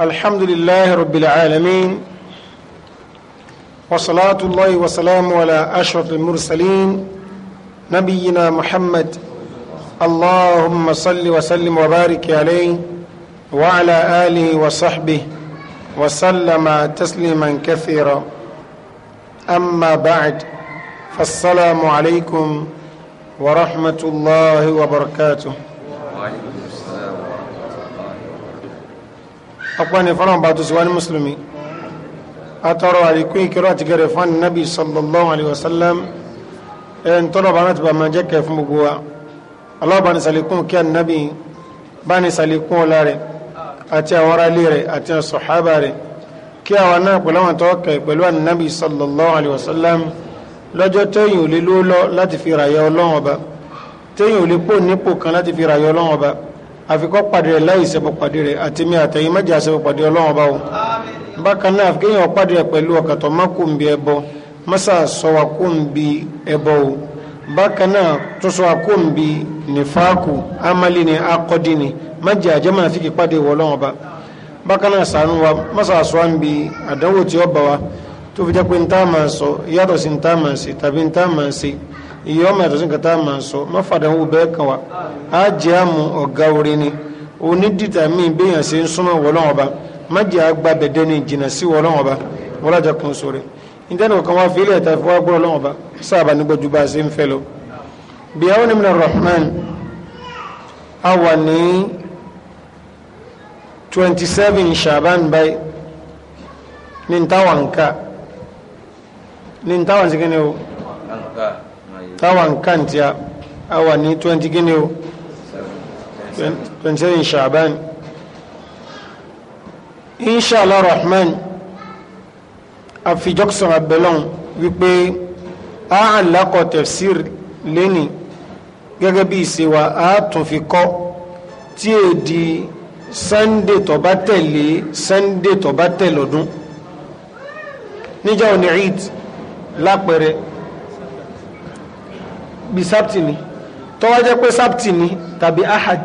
الحمد لله رب العالمين وصلاة الله وسلام على أشرف المرسلين نبينا محمد اللهم صل وسلم وبارك عليه وعلى آله وصحبه وسلم تسليما كثيرا أما بعد فالسلام عليكم ورحمة الله وبركاته ọpẹ́ ni fọlọ́n bá tó sì wá ní mùsùlùmí atọrọ àríkú ìkírọ̀ àti gẹ̀rẹ̀ fún ànábì sallallahu alayhi wa sallam ẹ̀ ń tọ́lọ̀ bá náà ti bá máa jẹ́ kẹ́ fún gbogbo wa ọlọ́ọ̀bá ní sàlékún kí ànábì bá ní sàlékún ọlá rẹ̀ àti àwọn ará ilé rẹ̀ àti àwọn sọ̀hábà rẹ̀ kí àwọn náà pẹ̀lú àwọn tó kẹ̀ pẹ̀lú ànábì sallallahu alayhi wa sallam lọ́jọ́ tẹ́yìn ò lè ló lọ láti fi ràyẹ ọlọ́run ọba tẹ́yìn ò lè pò nípò kan láti fi ràyẹ ọlọ́run ọba àfikọ́ pàdé rẹ̀ láì ṣẹbọ pàdé rẹ̀ àti mi àtẹ̀yìn mẹ́jà ṣẹbọ pàdé ọlọ́run ọba o bákan náà àfikẹ́yìn ọ̀pàdé rẹ̀ pẹ̀lú ọ̀kàtọ̀ má kò ń bi ẹbọ mọ́sà sọ wa kò ń bi ẹbọ o bákan náà tó sọ wa kò ń bi nífàákù amálí ni akọ́dí ni mẹ́jà àjẹmọ́ àfikẹ́ pàdé wọ ọlọ́run ọba bákan náà sànú wa mọ́sà sọ wa ń bi àdánwò tí ó wa tó fi jẹ́ pé ń tá a máa sọ yàtọ̀ sí ń tá a máa ṣe tàbí ń tá a máa ṣe ìyọ́ ọmọ yàtọ̀ sí nǹkan tá a máa sọ má fàdánwò bẹ́ẹ̀ kan wa á jẹ́ àmú ọ̀gá orin ni onídìtà míì béèyàn ṣe ń súnmọ́ wọlọ́wọ́ ọba má jẹ́ àgbà bẹ̀dẹ́ ni ìjìnà sí wọlọ́wọ́ ọba wọlájà kan sóore ìtẹ́nu kan wá fílẹ̀ tá a fi wá gbọ́ ọlọ́wọ́ ọba sábà nígbà ju bá a ṣe ń fẹ́ lọ. bí àwọn onímọ̀ rahman a wà twenty seven shaban bai ní ntàwọn nka ní ntàwọn sikẹ́ni o. Tawan kan tí a wà ní 20 gíní o 27 ṣàbán inṣàlá rahman àfijọ́sọ̀ abẹ́lọ́n wípé a àlákọ̀ tafsir leni gẹ́gẹ́ bí ìsẹwà a tún fi kọ́ tí è di sunday tó bá tẹ̀lé sunday tó bá tẹ̀lọ́dún níjọ́ ní eid lápẹẹrẹ bí sábtì ni tọ́wá jẹ́ pé sábtì ni tàbí ahad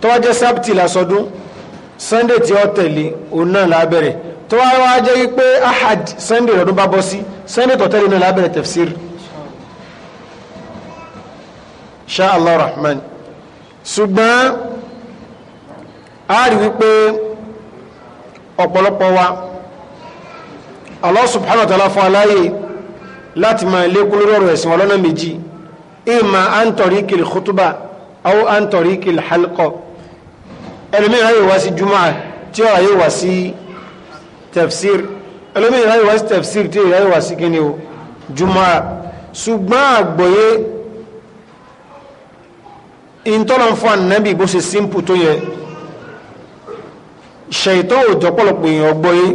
tọ́wá jẹ́ sábtì lásọdún sunday tí ó tẹ̀lé òun náà lábẹ̀rẹ̀ tọ́wá wá jẹ́ pé ahad sunday lọ́dún bá bọ́ sí sunday tó tẹ̀lé náà lábẹ̀rẹ̀ tafsir ṣá allah rahman ṣùgbọ́n a rí wípé ọ̀pọ̀lọpọ̀ wa allah subhanahu wa ta'ala fún aláyè láti máa lékún lórí ọ̀rọ̀ ẹ̀sìn ọlọ́nà méjì ìmà àǹtọ̀rí kìlì kútúbà àwọn àǹtọ̀rí kìlì halkọ̀ ẹlòmíì ráyè wá sí jùmọ̀ tí ó ráyè wá sí tafsir ẹlòmíì ráyè wá sí tafsir tí ó ráyè wá sí kíni o jùmọ̀ ṣùgbọ́n àgbọ́yé ìntọ́lọ̀ fún ànábì bó ṣe simple tó yẹ ṣèyítọ́ òjò èèyàn ọgbọ́yé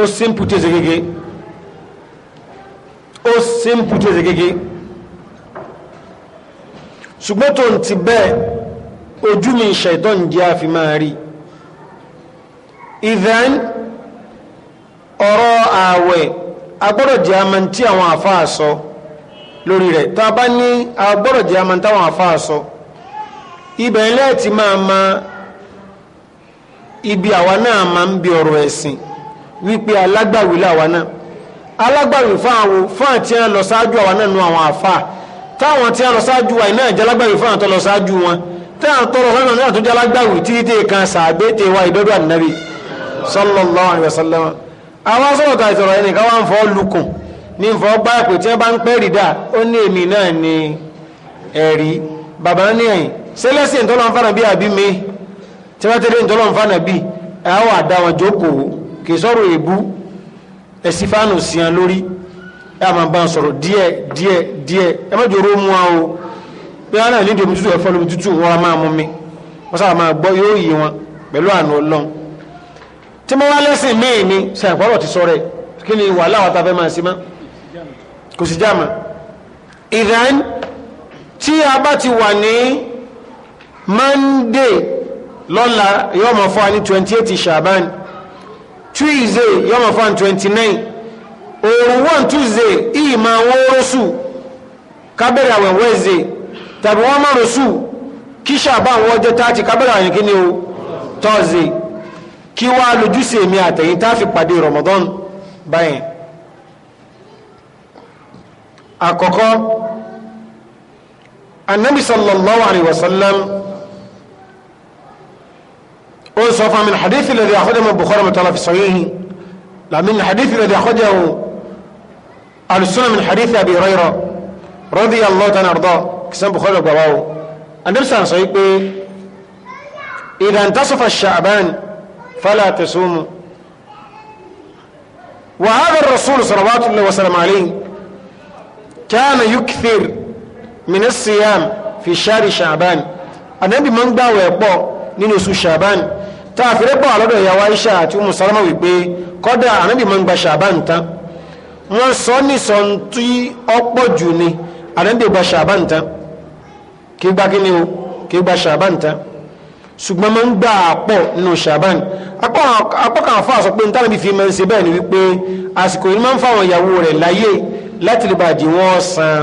ó simple tó ṣe gẹ́gẹ́ ó simple tó ṣe gẹ́gẹ́ ṣùgbọ́n tó ń ti bẹ́ẹ̀ ojú mi ṣẹ̀tọ́n jẹ́ àfi máa rí ìdán ọ̀rọ̀ ààwẹ̀ agbọ́dọ̀ jẹ́ àmà tí àwọn àfáà sọ lórí rẹ̀ tá a bá ní agbọ́dọ̀ jẹ́ àmà táwọn ibẹ̀ ilẹ̀ ti máa ma ibi àwa náà máa ń bi ọ̀rọ̀ ẹ̀sìn wípé alágbàwí làwa náà alágbàwí fáwọn fáwọn tí wọ́n lọ ṣáájú àwa náà nu àwọn àfáà táwọn tí a lọ ṣáájú wa iná ìjálágbàwì fún àtọ́ lọ ṣáájú wọn táwọn tọrọ lọ́nà náà tó jálágbàwì títí kan sàgbé tè wa ìdọ́dọ̀ ànábì sallallahu alaihi wasallam àwọn sọ̀rọ̀ tà ìtọ̀rọ̀ ẹnì kan wá ń fọ́ lukùn ní ń fọ́ gbá ẹ̀pẹ̀ tí wọ́n bá ń pẹ́ rí dà ó ní èmi náà ni ẹ̀rí bàbá ní ẹ̀yìn sẹ́lẹ̀sì ìtọ́lọ́ ń fànà bí àbí mi tí wọ́n tẹ́lẹ̀ ìtọ́lọ́ ń fànà bí àwọn àdáwọn jókòó kì í sọ̀rọ̀ èébú ẹ̀sìn fánù sí lórí ẹ máa bá sọ̀rọ̀ díẹ̀ díẹ̀ díẹ̀ ẹ má jòrò mú wa o bí wọn náà nídìí omi tútù ẹ̀fọ́ lómi tútù wọn a máa mú mi wọn sábà máa gbọ́ yóò yí wọn pẹ̀lú àánú ọlọ́run tí mo wá lẹ́sìn míì ni sàǹpọ̀rọ̀ ti sọ̀rọ̀ ẹ̀ kí ni wàhálà wa ta fẹ́ máa sí mọ́ kò sì jáàmà ìdán tí a bá ti wà ní Monday lọ́la yọ̀ọ́ mọ̀ fún wa ní twenty eight Shaban Tuesday yọ̀ọ́ mọ̀ fún wa ní twenty nine òòrùn wọn tuesday ìyí máa wọ́n rọ́sù kábẹ̀rẹ̀ àwẹ̀ wednesday tàbí wọ́n máa rọ́sù kí ṣàbá àwọn ọjọ́ tààtì kábẹ̀rẹ̀ àyìn kíni o thursday kí wá lójúṣe mi àtẹ̀yìn tá fi pàdé ramadan báyìí àkọ́kọ́ annabi sallallahu alaihi wasallam ó sọ fún mi hadithi lẹ́dí àkọ́jọ́ mọ̀ bukhari mọ̀tọ́lá fi sọ yìí làmì hadithi lẹ́dí àkọ́jọ́ alùsùnà min hadith abi rayra rọ́dí allah tán àrùdọ́ kìsàn bukhari gbàwá o andamsa sọ wípé idan tasofa sha'ban fala tasumu wa hadha ar-rasul sallallahu alaihi wa sallam alayhi kana yukthir min as-siyam fi shahri sha'ban anabi man gbààwẹ̀ pọ̀ nínú oṣù sha'ban ta fi re po alodo yawa isha àti ummu salama wípé kódà anabi man gba sha'ban tán wọ́n sọ ní sọ̀ntí ọ̀pọ̀ jù ni àdẹ́bẹ̀ gba ṣàbáǹtá kí gbá kí ni o kí gba ṣàbáǹtá ṣùgbọ́n máa ń gbà àpọ̀ nínú ṣàbáǹ apọ́kàn àfọ́ àsọ pé nítàbí fi máa ń ṣe bẹ́ẹ̀ ni wípé àsìkò yìí máa ń fáwọn ìyàwó rẹ̀ láyè láti lè bàjẹ́ wọn san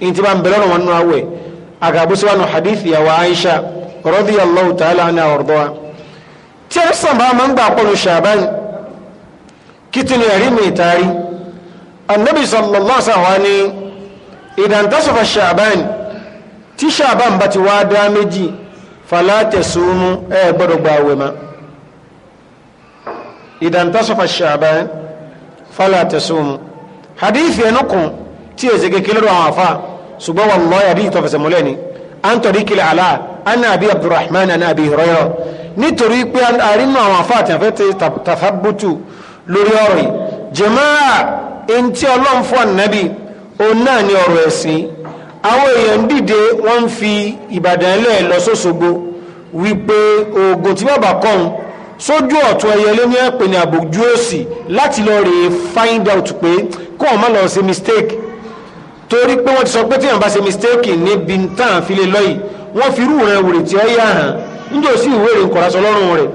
ní ti máa ń bẹ̀rẹ̀ wọn nínú àwẹ̀ àgàbùsọ̀ wà nù hadith ìyàwó Aisha radiyallahu ta'ala anha wardaha tí ẹ̀sán bá máa ń gbà àpọ̀ nínú ṣàbáǹ kí tinú ẹ̀rí mi ìtaari annabi sallallahu sàwọn ni ìdàntásọ̀fà ṣàbán tí ṣàbán bá ti wá dá méjì falátẹ̀sùnmú ẹ gbọ́dọ̀ gba àwẹ̀ ma ìdàntásọ̀fà ṣàbán falátẹ̀sùnmú hadith ẹnu kan tí èsì kékeré lọ àwọn afa ṣùgbọ́n wallahi àdìyí tó fẹsẹ̀ múlẹ̀ ni an tọ̀rí kílẹ̀ àlá anna abi abdurrahman anna abi hurairah nítorí pé àrínú àwọn afa àti àfẹ́ tafabbutu lórí ọ̀rọ̀ yìí jẹ́máà in tí ọlọ́run fún òun náà ni ọ̀rọ̀ ẹ̀sìn àwọn èèyàn dìde wọ́n ń fi ìbàdàn lẹ̀ lọ sóṣogbo wípé oògùn tí bàbá kọ́n sójú ọ̀tún ẹyẹlé ní ẹ̀pẹ̀ ní àbòjú òsì láti lọ rè find out pé kó wọn má lọ ṣe mistake torí pé wọ́n ti sọ pé tí èèyàn bá ṣe mistake níbi tán fi lè lọ́yìí wọ́n fi rú rẹ̀ wòrè tí ó yá hàn níjọ́ sí ìwé ìrìn kọ̀rasọ lọ́rùn rẹ̀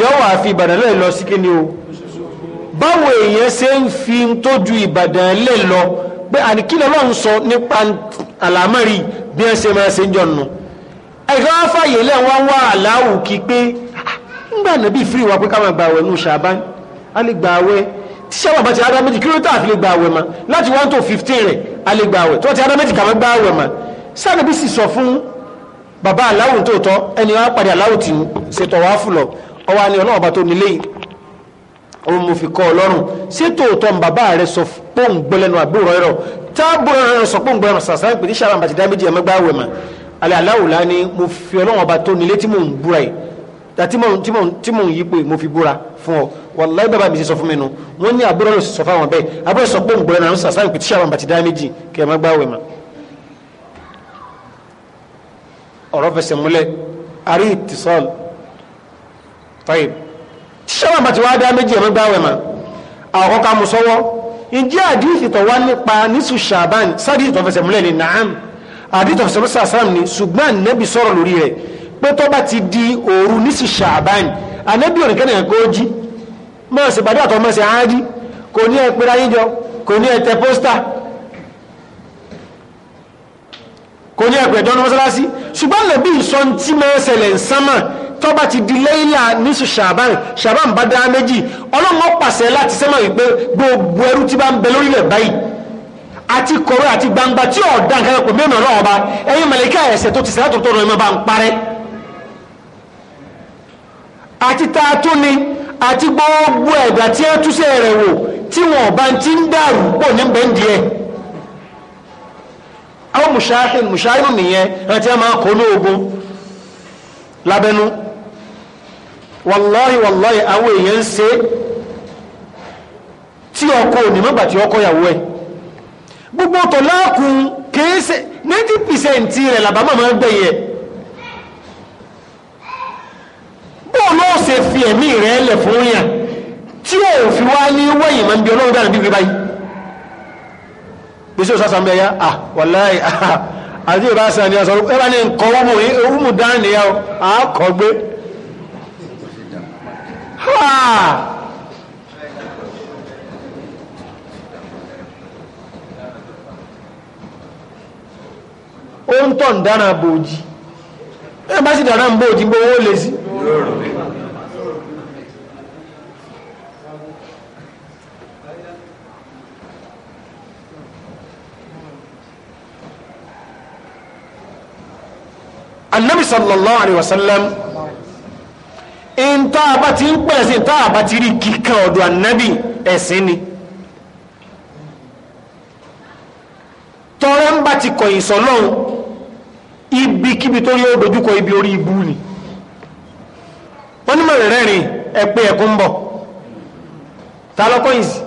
yọ́ wà fi ìbàdàn lẹ̀ lọ sí kíni o báwo èèyàn ṣe ń fi tó ju ìbàdàn lè lọ pé àníkílẹ̀ ló sọ nípa àlámọ́rí bí wọ́n ṣe máa ṣe ń jọ nù ẹ̀ka fàyè lẹ́wọ́n wá aláwù kí pé ńgbà ah, nàbí fírí wa pé ká máa gbàwẹ̀ nù ṣàbá a lè tí sábà bá ti adá méjì kí ló tà fi lè ma láti one to fifteen rẹ̀ a lè gbàwẹ̀ tí wọ́n ti adá méjì kà máa sáà sì sọ fún bàbá aláwù tó tọ́ ẹni wọn á padà aláwù tì ń òun mo fi kọ́ ọ lọ́rùn ṣé tòótọ́ bàbá rẹ sọ pọ́ùn gbọ́lẹ́nu àbúrò ẹ̀rọ táàbù rẹ sọ pọ́ùn gbọ́lẹ́nu sàṣà pé ní sàrà àbàtì dá méjì ẹ̀mẹ́gbà wẹ̀ mà alẹ́ aláwòlá ni mo fi ọlọ́wọ́n ọba tó nílé tí mò ń búra yìí tí mò ń yí pé mo fi búra fún ọ wàláyé bàbá mi ti sọ fún mi nu wọn ní àbúrò ló sọ fáwọn bẹ́ẹ̀ àbúrò sọ pọ́ùn gbọ́lẹ́nu sàṣà pé ní dá méjì kẹ̀mẹ́gbà wẹ̀ mà ọ̀rọ̀ fẹsẹ̀ múlẹ̀ àrí ìtìsọ́ọ̀lù tọ́yìn ṣẹ́wọ̀n bàtí wá dá méjì ẹ̀mọ́ gbáwẹ̀ ma àkọ́kọ́ mú sọ́wọ́ ìjẹ́ àdíìsì tó wá nípa nísù ṣàbán sádìsì tó fẹsẹ̀ ní naam àdíìsì tó ni ṣùgbọ́n ànẹ́bì sọ̀rọ̀ lórí rẹ̀ pé tó bá ti di òru nísù ṣàbán ànẹ́bì òrìn kẹ́nìyàn kó jí mọ́ ṣe bàdí àtọ́ mọ́ ṣe áájí kò ní ẹ pera yín jọ kò ń sánmà tọ́ba ti di lẹ́yìnlá nísù ṣàbán ṣàbán bá dá méjì ọlọ́mọ pàṣẹ láti sẹ́mọ̀ wípé gbogbo ẹrú tí bá ń bẹ lórílẹ̀ báyìí àti kọ̀rọ̀ àti gbangba tí ọ̀dà nǹkan ẹ̀kọ́ mẹ́rin ọ̀rọ̀ ọba ẹ̀yin mẹ̀lẹ́kẹ́ ẹ̀sẹ̀ tó ti sẹ́lá tòótọ́ ọ̀rọ̀ ẹ̀mọ́ bá ń parẹ́ àti tààtú ni àti gbogbo ẹ̀dà tí ẹ túṣẹ́ rẹ̀ wò tí wọn ọba ti ń dàrú pọ̀ ní bẹ́ẹ̀ àwọn mùsáhìn mùsáhìn nìyẹn àti ẹ̀ máa kọ́ ní ogun lábẹ́nú wàláyé wàláyé àwọn èèyàn ń ṣe tí ọkọ òní mọ́gbà tí ọkọ yàwó ẹ̀ gbogbo tọ̀láàkùn kéése 90% rẹ̀ làbá màmá gbẹ̀yẹ bóòlù ọ̀sẹ̀ fi ẹ̀mí rẹ̀ lẹ̀ fún yàn tí ó fi wá ní wẹ̀yìn máa ń bí ọlọ́run dára bíbí báyìí gbèsè òsàsà ń bẹ ya ah wàláyé àti ìbáṣà ni ọ̀sán ẹ̀rọ ní nǹkan ọmọ dáhùn nìyà àákọ́ gbé ó ń tọ̀ ń dára bòójì ẹ bá sì dára ń bòójì gbówó lè sí annabi sallallahu alaihi wasallam ìntà àbá ti ń pẹ̀ sí ìntà àbá ti rí kíkan ọ̀dọ̀ ànábì ẹ̀sìn ni tọrẹ ń bá ti kọ̀yìn sọ́lọ́run ibikíbi tó rí ó dojúkọ ibi orí ibú ni wọ́n ní mọ̀rẹ̀ rẹ́rìn ẹ̀pẹ́ ẹ̀kú ń bọ̀ ta lọ kọ́yìn sí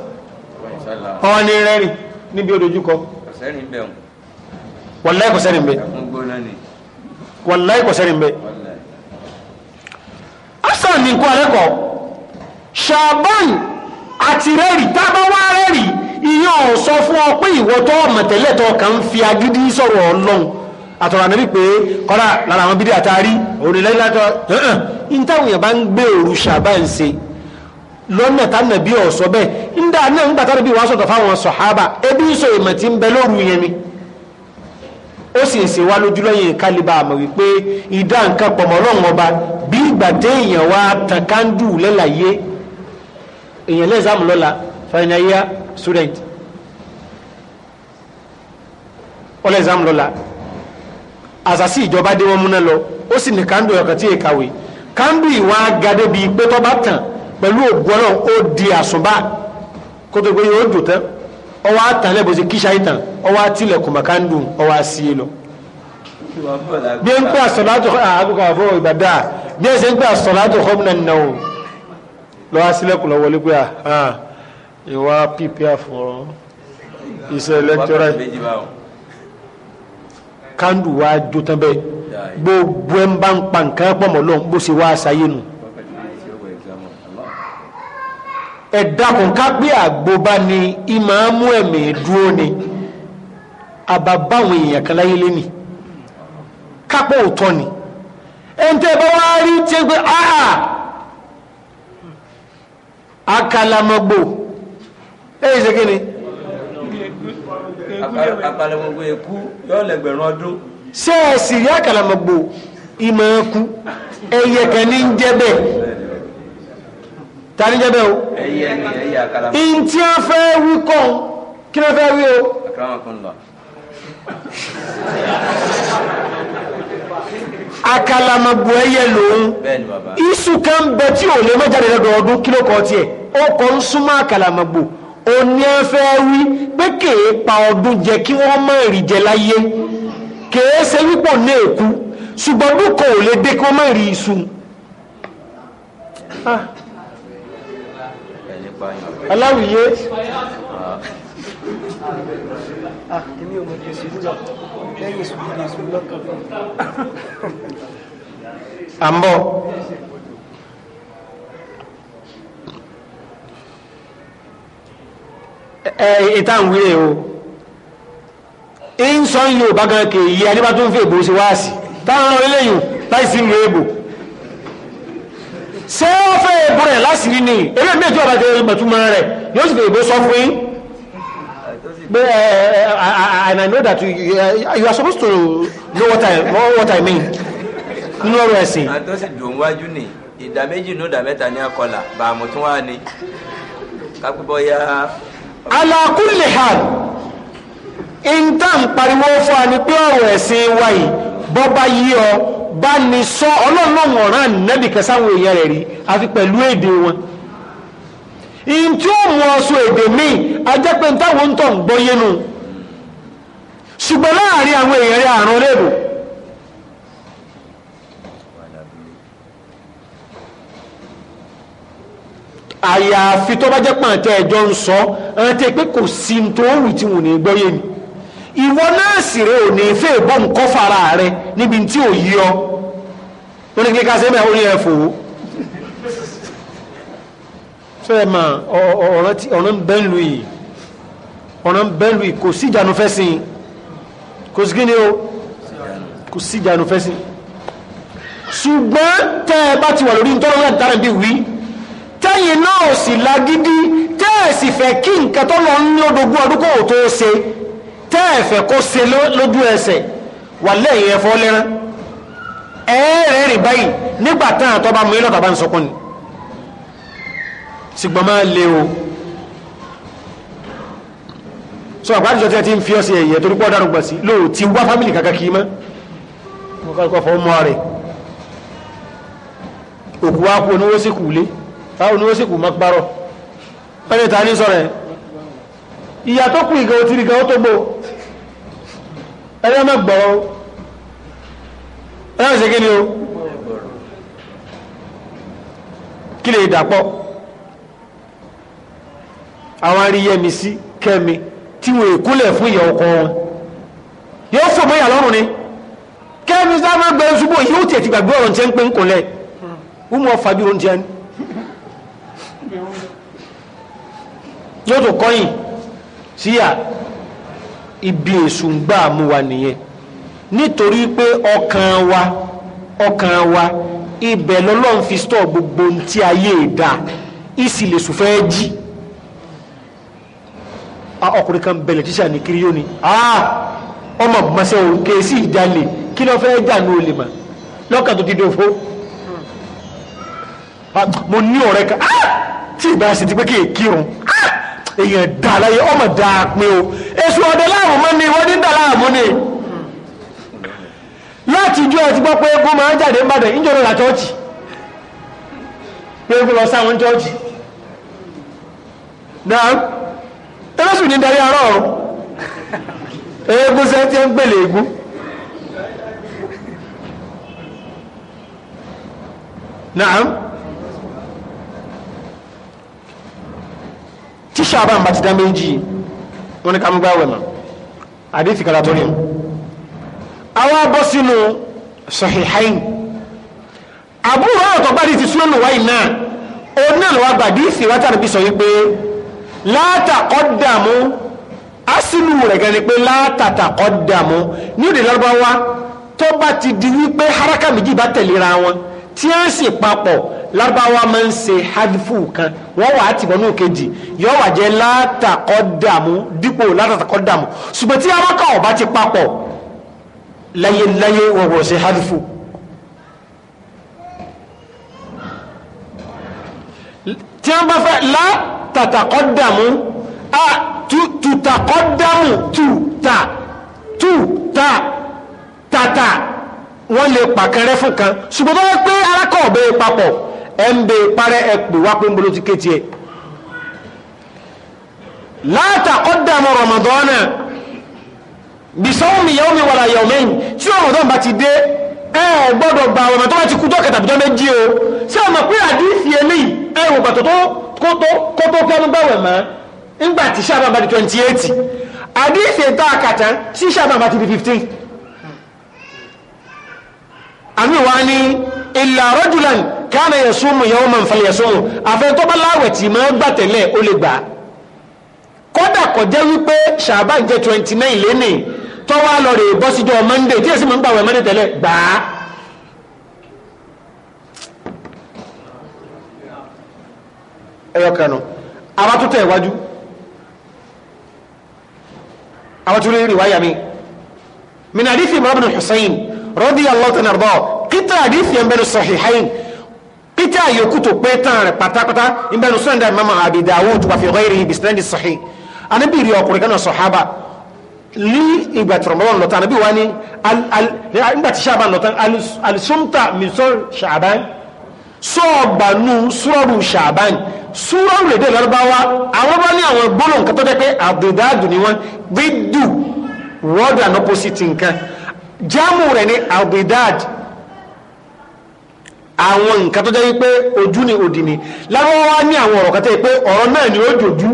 ọ̀hún ní rẹ́rìn níbi ó dojúkọ wàláì kò sẹ́rìn bẹ́ẹ̀ wàláì kò sẹ́rìn bẹ́ẹ̀ ṣàbọ́n ní nǹkan ẹ̀kọ́ ṣàbọ́n àti rẹ́rì tábà wá rẹ́rì ìyẹn ò sọ fún ọ pé ìwọ tó ọmọ tẹ́lẹ̀ tó kàn ń fi agídí sọ̀rọ̀ ọlọ́run àtọ̀rọ̀ àmì pé kọ́ra lára àwọn bídí àtàrí òrìlẹ́lẹ́tọ̀ ìntàwọn èèyàn bá ń gbé òru ṣàbọ́n ṣe lọ́nà tánà ó sì ń wá lójú lọ́yìn àmọ̀ wípé ìdá nǹkan pọ̀mọ́ lọ́wọ́ ọba bí ìgbà téèyàn wá tàn kándù lẹ́làyé èèyàn lẹ́sàmù lọ́la final year student ọlẹ́sàmù lọ́la àṣàṣì ìjọba dé wọn múná lọ ó sì ní kándù ọkàn tí èkàwé kándù ìwà agadé bíi pé tọ́ bá tàn pẹ̀lú ògùn ọlọ́run ó di àsùnbà kó tó gbé yóò dùn tán ọwọ́ àtàn lẹ́bùsí kíṣà ìtàn ọwọ́ àtìlẹ̀kùnmọ̀ kándù ọwọ́ àṣìyé lọ bí ń pè àsọ̀látò àbúkọ àbúrò ìgbàdá bí ẹ ṣe ń pè àsọ̀látò kọ́mùnà nìyà o lọ́wọ́ sílẹ̀kùn lọ́wọ́ lé pé à ah, ah, ìwà pípẹ́ àfọ̀ iṣẹ́ lẹ́kítọ́rà kandu wa jó tán bẹ́ẹ̀ gbogbo ẹ̀ ń bá ń pa nǹkan pọ̀ mọ́ lọ́n bó ṣe wá aṣáyé nu ẹ̀dàkùn ká pé àgbóbá ni ìmáàmù ẹ̀mí dúró ni àbábáwọn èèyàn kan láyé lé ni kápọ̀ òtọ́ ni ẹn tẹ́ bá wá rí tí pé àà akalamọ́gbò èyí ṣe kí ni akalamọ́gbò èkú yóò lẹ́gbẹ̀rún ọdún ṣé ẹ sì rí akalamọ́gbò ìmọ̀ ẹkú ẹyẹ kan ní ń jẹ́ bẹ́ẹ̀ ta ní jẹ́ bẹ́ẹ̀ o ẹyẹ ni ẹyẹ fẹ́ wí kọ́ kí ló fẹ́ wí o akalamabuẹyẹ lòun isu kan bẹ tí ò lè mọ́jáde lọ́dọ̀ ọdún kí ló kọ́ tiẹ̀ ó kọ́ ń súnmọ́ àkàlàmàgbò ó ní ẹ fẹ́ wí pé kèé pa ọdún jẹ kí wọ́n má rí jẹ láyé kèé ṣe wípọ̀ ní èkú ṣùgbọ́n ọdún kan ò lè dé kí wọ́n má rí isu. Ah. aláwìyé. Ah. Ah, èmi ò mọ̀ jù sí lọ lẹ́yìn ìṣòro ìṣòro lọ́kàn fún à ń ìta ń wílé o ń sọ ń yóò bá gan kèèyí adébá tó ń fẹ́ ìbò ṣe wáàsì táwọn orílẹ̀ yìí láì sí ìlú èbò ṣé ó fẹ́ ìbò rẹ̀ láti ni eré méjì ọ̀bàjẹ́ ìgbàtúmọ̀ rẹ̀ yóò sì fẹ́ ìbò sọ fún yín pé uh, and I know that you, uh, you are supposed to know what I, what I mean nínú ọ̀rọ̀ ẹ̀sìn. àtúnṣe ala pariwo ni wa ọ bá ní sọ ọlọ́run ọ̀ràn nẹ́bìkẹ́sáwọn èèyàn rẹ̀ rí àfi pẹ̀lú èdè in tí ó mú ọsọ èdè míì ajẹ́pẹ́ táwọn ń tọ̀ ń gbọ́ yínú ṣùgbọ́n láàrin àwọn èèyàn rẹ̀ àrùn lèrò àyàfi tó bá jẹ́ pàǹtẹ́ ẹjọ́ ń sọ ẹ̀ǹtẹ́ pé kò sí tó wù tí wù ní gbọ́ yé ìwọ náà sì rẹ ò ní fẹ́ bọ́ rẹ níbi tí ò yí ọ ó ní kíkà sẹ́mẹ̀ ó ní ẹ̀fọ́ sọ́yẹ̀ ma ọ̀ràn bẹ́ẹ̀lù yìí ọ̀ràn bẹ́ẹ̀lù yìí kò sí ìjànú fẹ́sìn kò sí kíni o kò sí ìjànú fẹ́sìn ṣùgbọ́n tẹ́ ẹ bá ti wà lórí nítorí ọ̀rọ̀ ìtara bí wí tẹ́yìn náà sì lágídí tẹ́ ẹ sì fẹ́ kí nǹkan tó lọ ní odogún ọdún kò tó ṣe tẹ́ ẹ fẹ́ kó ṣe lójú ẹsẹ̀ wà lẹ́yìn ẹ̀fọ́ lẹ́rán ẹ̀ẹ́rẹ́ rìn báyìí nígbà táwọn àtọ́ bá mú ilọ́ta bá ń sọkún ni ṣùgbọ́n máa le o so àgbájọ tí a ti ń fi ọsẹ ẹ̀yẹ torí pọ́ dárò gbà sí lóò ti wá fámìlì kankan kì í mọ́ wọn kọ́ fọ́ mọ́ rẹ̀ òkú wa kú oníwó sí kù lé táwọn oníwó sí kù mọ́ parọ́ wọ́n ní ta ní sọ̀rọ̀ ẹ̀ ìyá tó kù ìgbà òtí ìgbà ó kí lè dàpọ̀ àwọn aríyẹmi sí kẹmi tí wọn èkúlẹ̀ fún ìyá ọkọ wọn yóò fò mọ́ ìyá lọ́rùn ni kẹmi sábà gbẹ ṣubú yìí ó tiẹ̀ ti gbàgbé ọ̀rọ̀ tiẹ̀ ń pè ń kò lẹ̀ ó oúnjẹ ni yóò tó kọ́yìn síyà ibi èṣù ń gbà mú wa nìyẹn nítorí pé ọkàn wa ọkàn wa ibẹ̀ lọ́lọ́run fi stọ̀ gbogbo ohun tí ayé dà ìsì fẹ́ jí. ọkùnrin kan bẹ̀lẹ̀ tíṣà ní kiri yóni ah, ọmọ mọ̀sẹ̀ o kèésì ìdálẹ̀ kí ló fẹ́ jà olè mà lọ́kà tó ti dòfó ah, mo ní ọ̀rẹ́ kan ah, tí ìbá ṣe ti pé kí èkírun èèyàn dà láyé ọmọ dà pé o èso ọdẹ láàmú mọ́ ni wọ́n ní dà láàmú ni láti ijó ẹ gbọ́ pé egun máa ń jáde ń bàdàn ìjọba chọ́ọ̀chì pé egun lọ sáwọn chọ́ọ̀chì náà jésù ní darí ará ọ̀run eégún sẹ́ńtì ń gbèlè eégún. naam tíṣà bá ń bá ti dá méjì wọn ni ká mú gbáwẹ̀ mọ́ àdéhìí kàrà tó rí mu àwọn abọ́ sínú ti súnmọ́ wáyé náà látàkọ́dàmú asínú rẹ̀ gẹ́ni pé látàtàkọ́dàmú ní òde lọ́rọ́báwá tó bá ti di wípé haraka méjì bá tẹ̀lera wọn tí a ń sì papọ̀ lárúbáwá máa ń ṣe hadifu kan wọ́n wà á ti bọ̀ nínú kejì yóò wà jẹ́ látàkọ́dàmú dípò látàkọ́dàmú ṣùgbọ́n tí haraka ọ̀bá ti papọ̀ láyéláyé wọ́n wọ̀ ṣe hadifu. tí a bá fẹ́ lá tàtàkọ́dàmú a tu tu tùtàkọ́dàmú tùtà tùtà tàtà wọ́n lè pàkẹrẹ fún kan ṣùgbọ́n tó wọ́n pé arákọ̀ ọ̀bẹ papọ̀ ẹ̀ ń bẹ parẹ́ ẹ̀ pè wá pé ń bolo ti ké tiẹ̀ látàkọ́dàmú rọmọdọ́nà bisawumi yawmi wala yawmayn tí rọmọdọ́n bá ti dé ẹ gbọ́dọ̀ gba ọmọ tó bá ti kú tó kẹta tó méjì o ṣé ọmọ pé àdìsí eléyìí ẹ wò pàtó tó kótó kótó kẹnu gbàwẹ̀ mọ́ ńgbà tí sábà bá di twenty eight àdéhìsẹ̀ tá a kàtà sí sábà bá ti di fifteen àmì wa ni ìlà rọ́jùlán káàna yasumu yawman falyasumu àfẹ́ tó bá láwẹ̀ tí máa gbà tẹ́lẹ̀ ó lè gbà á kódà kò jẹ́ wípé ṣàbá jẹ́ twenty nine lẹ́nìí tọ́wọ́ lọ rè bọ́síjọ́ monday tí èsì máa ń gbàwẹ̀ monday tẹ́lẹ̀ gbà ẹyọ kanu àwọn tó tẹ̀ wájú àwọn tó lè rí wáyà mi min hadithi Imran ibn Husayn radiyallahu ta'ala anhu kíta hadithi yẹn bẹnu sahihayn kíta yòókù tó pé tán rẹ̀ pátápátá ń bẹnu sọ́ndà Imam Abi Dawud wa fi ghayrihi bi isnad sahih anábìrì ọkùnrin kan náà sọ̀hábà ní ìgbà tí Ramadan lọ́tà sọ́ọ̀bànú súrọ̀rù ṣàbáyìn súrọ̀rù èdè lọ́rọ̀báwá àwọn bá ní àwọn gbọ́nà nǹkan tó jẹ́ pé àbùdádù ni wọ́n dídù word and opposite nǹkan jáàmù rẹ̀ ní àbùdád àwọn nǹkan tó jẹ́ wípé ojú ni òdì ni lárọ́wá ní àwọn ọ̀rọ̀ kẹtẹ́ pé ọ̀rọ̀ náà ni ó dòjú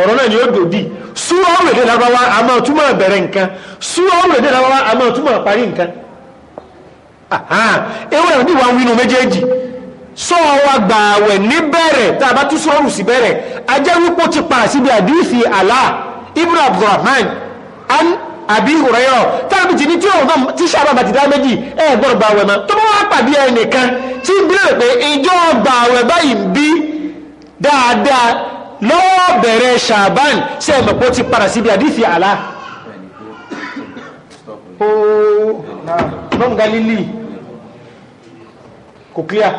ọ̀rọ̀ náà ni ó dòdì súrọ̀rù èdè lọ́rọ̀báwá a máa túmọ̀ bẹ̀rẹ̀ nǹkan súrọ̀rù èdè lọ́rọ̀báwá a máa túmọ̀ parí nǹkan ewé ẹ̀rọ bí wàá wínú méjèèjì sọ wa gbà àwẹ̀ níbẹ̀rẹ̀ tá a bá tún sọ́ọ̀rù sí bẹ̀rẹ̀ ajẹ́ wípé ó ti padà síbi àdìsí àlá ibn abdulrahman an àbí ìhùrẹ́yọ̀ táàbì tí ní tí òun náà tí sábà bàtí dá méjì ẹ gbọ́dọ̀ gbà àwẹ̀ mọ́ tó bá wá pàdé ẹnìkan tí ń bílẹ̀ pé ìjọ gbà àwẹ̀ báyìí ń bí dáadáa lọ́wọ́ bẹ̀rẹ̀ ṣàbán ṣe é mọ̀pọ̀ ti padà síbi àdìsí àlá. ooo oh, mọ́mú galili kò clear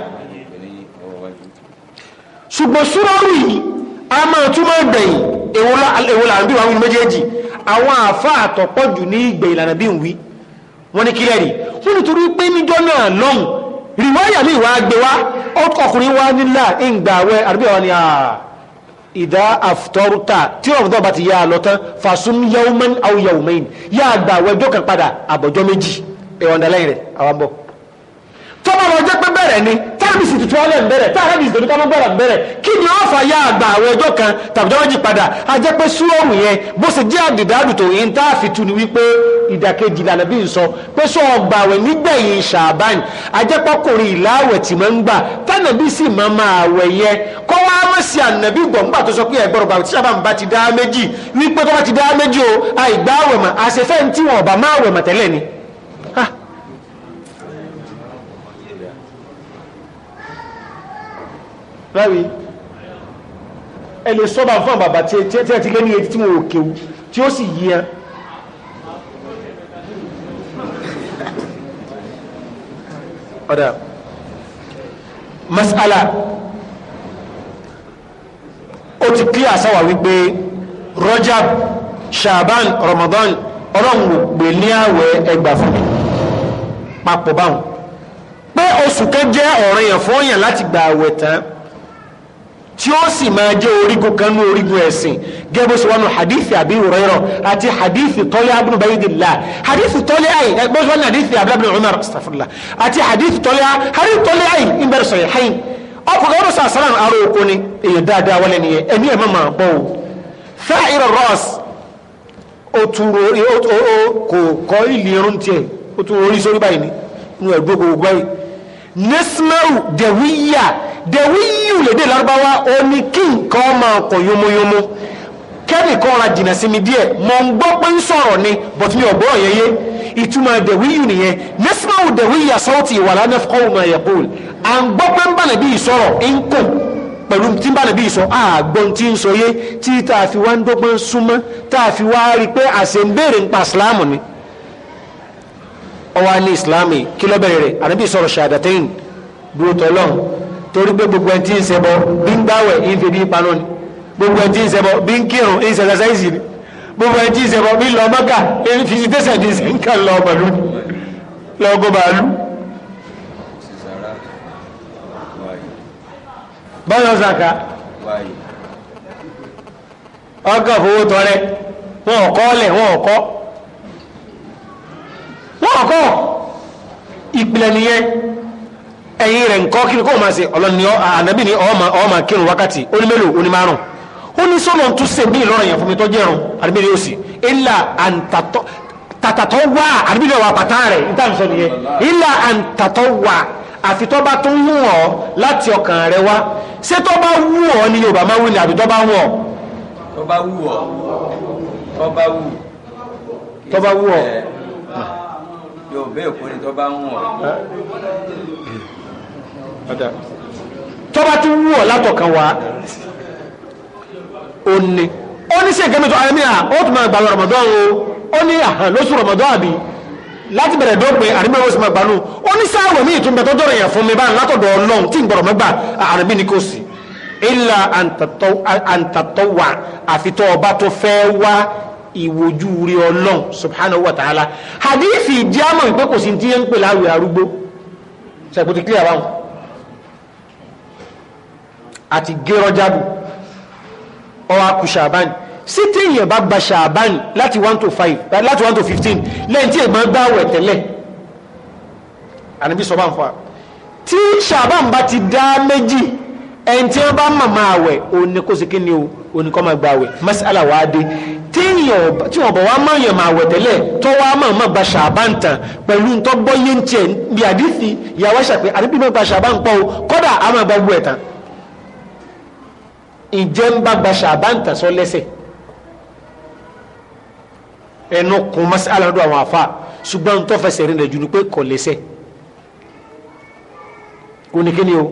ṣùgbọ́n súrọ́rù yìí a máa túmọ̀ gbẹ̀yìn èwòlà àbí àwọn méjèèjì àwọn àfa àtọ̀pọ̀ jù ní ìgbẹ̀yìn lànà bí ń wí wọ́n ní kílẹ̀ rí wọ́n nítorí pé níjọ́ náà lọ́hùn rìwáyà lè wá gbé wá ọkùnrin wá nílà ìgbà àbí àwọn ni ìdá àfitọ́rúta tí ọ̀rọ̀ bá ti yá a lọ tán fàṣún yawman aw yawmayn yá a gbà àwẹ̀ ọjọ́ kan padà àbọ̀jọ́ méjì ẹ̀wọ̀n dàlẹ́yìn rẹ̀ àwọn bọ̀ tọ́mọ̀ ọjọ́ pé bẹ̀rẹ̀ ni táàbìsì tuntun ọlẹ́ ń bẹ̀rẹ̀ táàbìsì tuntun ọmọ gbọ́dọ̀ ń bẹ̀rẹ̀ kí ni ọ̀fà yá àgbà àwọn ọjọ́ kan tàbí ọjọ́ méjì padà a jẹ́ pé súwọ́ọ̀mù yẹn bó ṣe jẹ́ àdìdàdù tó yẹn tá a fi tu ni wípé ìdàkejì lànà bí n sọ pé sọ ọgbà àwẹ̀ nígbẹ̀yìn ṣàbán a jẹ́ pọ́kùnrin ìlàwẹ̀ tí máa ń gbà tánàbí sì máa máa wẹ̀ yẹn kọ́ wá má sí ànàbí gbọ̀ ńgbà tó sọ pé ẹ̀gbọ́n ọgbà tí ṣàbán bá ti dá méjì wípé tó bá ti dá méjì o àìgbà àwẹ̀ mà àṣefẹ́ ń wọn ọ̀bà máa wẹ̀ mà tẹ́lẹ̀ ni. ráwí ẹlẹ́ sọ́bà fún àbàbà tí ẹ ti lé ní etí tí wọ́n òkèwú tí ó sì yí ẹn ọ̀dá masala ó ti kí àsáwà wípé Rajab Shaban Ramadan ọlọ́run gbè ní àwẹ̀ ẹgbà fún papọ̀ báwọn pé oṣù kẹjẹ ọ̀rẹ́yàn fún ọ̀yàn láti gba àwẹ̀ tán tí ó sì máa jẹ́ orígun kan ní orígun ẹ̀sìn gẹ́gbó sí wọnú hadithi àbí ìrọ̀rọ̀ àti hadithi tọ́lé abúlé bayidillah hadithi tọ́lé ayé ẹgbẹ́ sọ́nà hadithi abúlé umar astaghfirullah àti hadithi tọ́lé ayé hadithi tọ́lé ayé ìbẹ̀rẹ̀ sọ̀yẹ̀ hayin ọkùnrin ọdún sàṣàlàn aró oko ni èèyàn dáadáa wọlé ni ẹni ẹ̀ máa bọ́ o fẹ́ẹ̀rẹ̀ rọ́ọ̀s òtúrò kò kọ́ ìlì irun tiẹ̀ òtúrò orí sórí báyìí ni inú báyìí nesmau dẹ̀wíyà dẹ̀wíyù lédè lárúbáwá ó ní kí nǹkan máa kọ̀ yomoyomo kẹ́nìkan ra jìnnà sí mi díẹ̀ mọ̀ ń gbọ́ pé ń sọ̀rọ̀ ni but mi ò gbọ́ yẹn yé ìtumọ̀ dẹ̀wíyù nìyẹn nesmau dẹ̀wíyà sọ́ọ̀tì ìwàlá náà fọ́ ọmọ ẹ̀yà bọ́ọ̀lù à ń gbọ́ pé ń bàlẹ̀ bí ìsọ̀rọ̀ ń kùn pẹ̀lú tí ń bàlẹ̀ bí ìsọ̀ àgbọn tí ń sọ yé tí tá a ń dọ́gbọ́n súnmọ́ tá a fi wá pé àṣẹ ń béèrè ń pa ìsìláàmù ni ọwọ́ ní ìsìláàmù kí ló bẹ̀rẹ̀ rẹ̀ ànábì sọ̀rọ̀ ṣàdàtẹ́yìn dúró tọ́lọ́ torí pé gbogbo ẹni tí ń ṣẹbọ bí ń gbáwẹ̀ ń fi bí ń paná ni gbogbo ẹni tí ń ṣẹbọ bí ń kírun ń ṣe ẹsẹsáìsì ni gbogbo ẹni tí ń ṣẹbọ bí lọ mọ́kà ń fi tẹ̀sẹ̀ ní ṣe ń kà lọ pẹ̀lú lọ́gọ́ bàálù. bọ́lá ṣàkà ọkọ̀ fowó tọrẹ wọn ò kọ́ ọ̀lẹ̀ wọ́n kọ́ ìpìlẹ̀ nìyẹn ẹ̀yìn rẹ̀ nǹkan kí ni kó máa ṣe ọlọ́ni ànábì ni ọmọ kírun wákàtí ó ní mélòó ó ní márùn ó ní sọ́nà tún ṣe bí ìlọrin yẹn fún mi tó jẹrun àdébí ni ó sì ilà tàtàtọ̀ wà àdébí ni ó wà pàtà rẹ̀ níta ń sọ nìyẹn ilà tàtàtọ̀ wà àfi tó bá wù ọ́ láti ọkàn rẹ wá ṣé wù ọ́ ni Yorùbá máa wù ní àbí wù ọ́. tó wù ọ́ tó wù ọ́ yóò bẹ́ẹ̀ ọkùnrin tó bá ń wọ̀. tọ́ba tún wú ọ̀ látọ̀kan wá ó ní ó ní sí ìgbẹ́mìtọ́ àmì à ó tún máa gbà Ramadan o ó ní àhàn lóṣù Ramadan àbí láti bẹ̀rẹ̀ dọ́gbìn àríbí wọn sì máa gbanú ó ní sáwọ̀ mí ìtúnbẹ̀ tó dọ̀rọ̀ yẹn fún mi báyìí látọ̀dọ̀ Ọlọ́run tí ń gbọ̀rọ̀ mẹ́gbà àríbí ni kò sí illa àǹtàtọ̀wà àfitọ́ ọba tó fẹ́ wá ìwòjú rí ọlọ́run subhanahu wa ta'ala hadithi jámọ̀ ìpé kò sí tí ń pè láwẹ̀ arúgbó ṣẹ̀kú ti clear báwọn àti gẹ́rọ́jábù ọwọ́ akù ṣàbán sí tí èyàn bá gba ṣàbán láti 1 to 5 láti 1 to 15 lẹ́yìn tí èyàn gbá wẹ̀ tẹ́lẹ̀ àníbí sọ bá ń fa tí ṣàbán bá ti dá méjì ẹni tí wọ́n bá mọ̀ máa wẹ̀ òní kó sì kí ni o òní kọ́ máa gba wẹ̀ masala wa dé tí wọ́n bọ̀ wá máa yàn máa wẹ̀ tẹ́lẹ̀ tó wá máa máa gba ṣàbán tán pẹ̀lú tó gbọ́ yé ń tiẹ̀ bí àdìsí ìyàwó ṣàpẹ́ àdìbí máa gba ṣàbán o kódà a máa gba gbogbo ìjẹ́ ń bá gba ṣàbán sọ lẹ́sẹ̀ ẹnu kun masala lọ́dọ̀ àwọn afa ṣùgbọ́n tó fẹsẹ̀ rìn rẹ̀ jù ni pé kọ̀ lẹ́sẹ̀ kò ní kí ni o.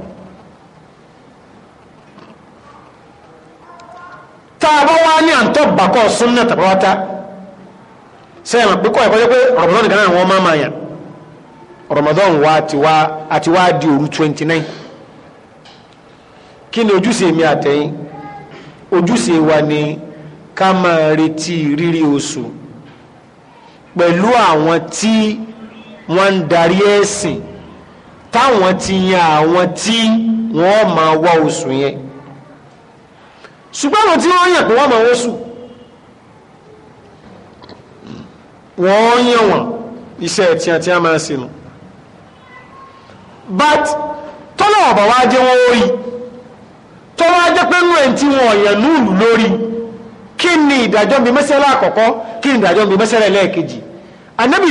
tààbọ̀ wá ní àǹtọ́ bàkọ́ súnnà tàbátá sẹ́yìn pípọ̀ ẹ̀kọ́ jẹ́ pé Ramadan nìkan náà wọ́n máa máa yàn Ramadan wa àti wá di òru 29 kí ni ojúṣe mi àtẹ̀yìn ojúṣe wa ni ká máa retí rírí oṣù pẹ̀lú àwọn tí wọ́n ń darí ẹ̀sìn táwọn ti yan àwọn tí wọ́n máa wá oṣù yẹn ṣùgbọ́n àwọn tí wọ́n yàn pé wọ́n wọ́n sùn wọ́n yàn wọ́n iṣẹ́ tí a ti a but tọ́lọ̀ ọ̀bà wá jẹ́ wọ́n orí tọ́lọ̀ wá pé nù ẹ̀ wọ́n yàn lùlù lórí kí ni ìdájọ́ mẹ́sẹ̀lẹ̀ àkọ́kọ́ kí ni ìdájọ́ mẹ́sẹ̀lẹ̀ lẹ́ẹ̀kejì anábì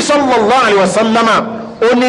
ó ní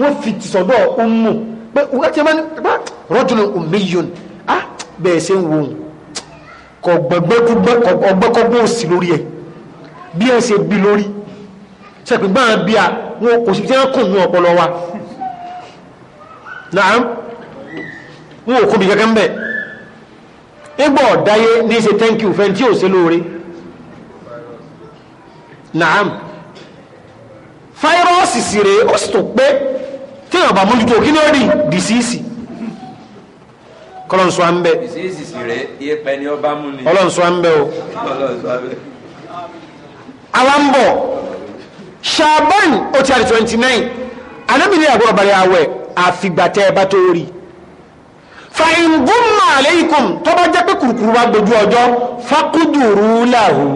wọ́n fi tìsọ̀dọ̀ ọmọ pé wọ́n ti máa ní pé rọ́jùlọ òmíyàn á bẹ̀ẹ̀ ṣe ń wo òun kọ̀ ọgbẹ́kọ̀gbọ́n sí lórí ẹ̀ bí ẹ ṣe bí lórí sẹ́pẹ̀ bá ń bí a wọn kò sí tí wọ́n kùn ní ọpọlọ wa náà wọn ò kóbi kankan bẹ́ẹ̀ nígbà ọ̀dáyé ní ṣe thank you fẹ́ tí ò ṣe lóore náà fáírọ́ọ̀sì sì rèé ó sì tó pé tí yàn bá mójútó kí ni ó rí dìsíìsì kọlọ́nsọ́ à ń bẹ. dìsíìsì sì rẹ̀ iye pẹ́ ni ọba o. kọlọ́nsọ́ à ń bẹ. àwa ń bọ̀ ṣàbọ̀n twenty nine anábì ní àgọ́ ọ̀bàrẹ̀ àwẹ̀ àfìgbàtẹ́ ẹ bá tó rí fàìngúnmọ̀ àlẹ́yìnkùn tó bá jẹ́ pé kùrùkùrù bá gbójú ọjọ́ fákúdùrú làwù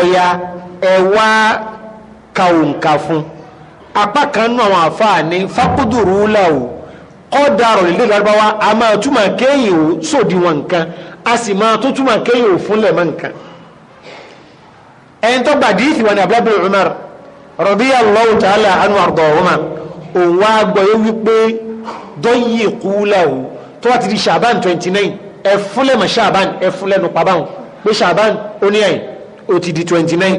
ọ̀yà ẹ̀wà kàwùnkà fún un apá kan nù àwọn àfáàní fákúdùrú làwò kọ́dàrọ̀ nílé lárúbáwá a máa túmọ̀ kéyìn ò sòdiwọ̀n nǹkan a sì máa tó túmọ̀ kéyìn ò fúnlẹ̀ mọ́ nǹkan ẹni tó gbàdí ìfìwọ̀n ní abúlábí Umar radiyallahu ta'ala anhu àrùdọ̀ọ́mà òun wá gbọ́yé wípé dọ́yì kúláwò tó wá ti di Sha'ban 29 ẹ fúnlẹ̀ mọ́ Sha'ban ẹ fúnlẹ̀ nù pàbáwọn pé Sha'ban ó ní ti di 29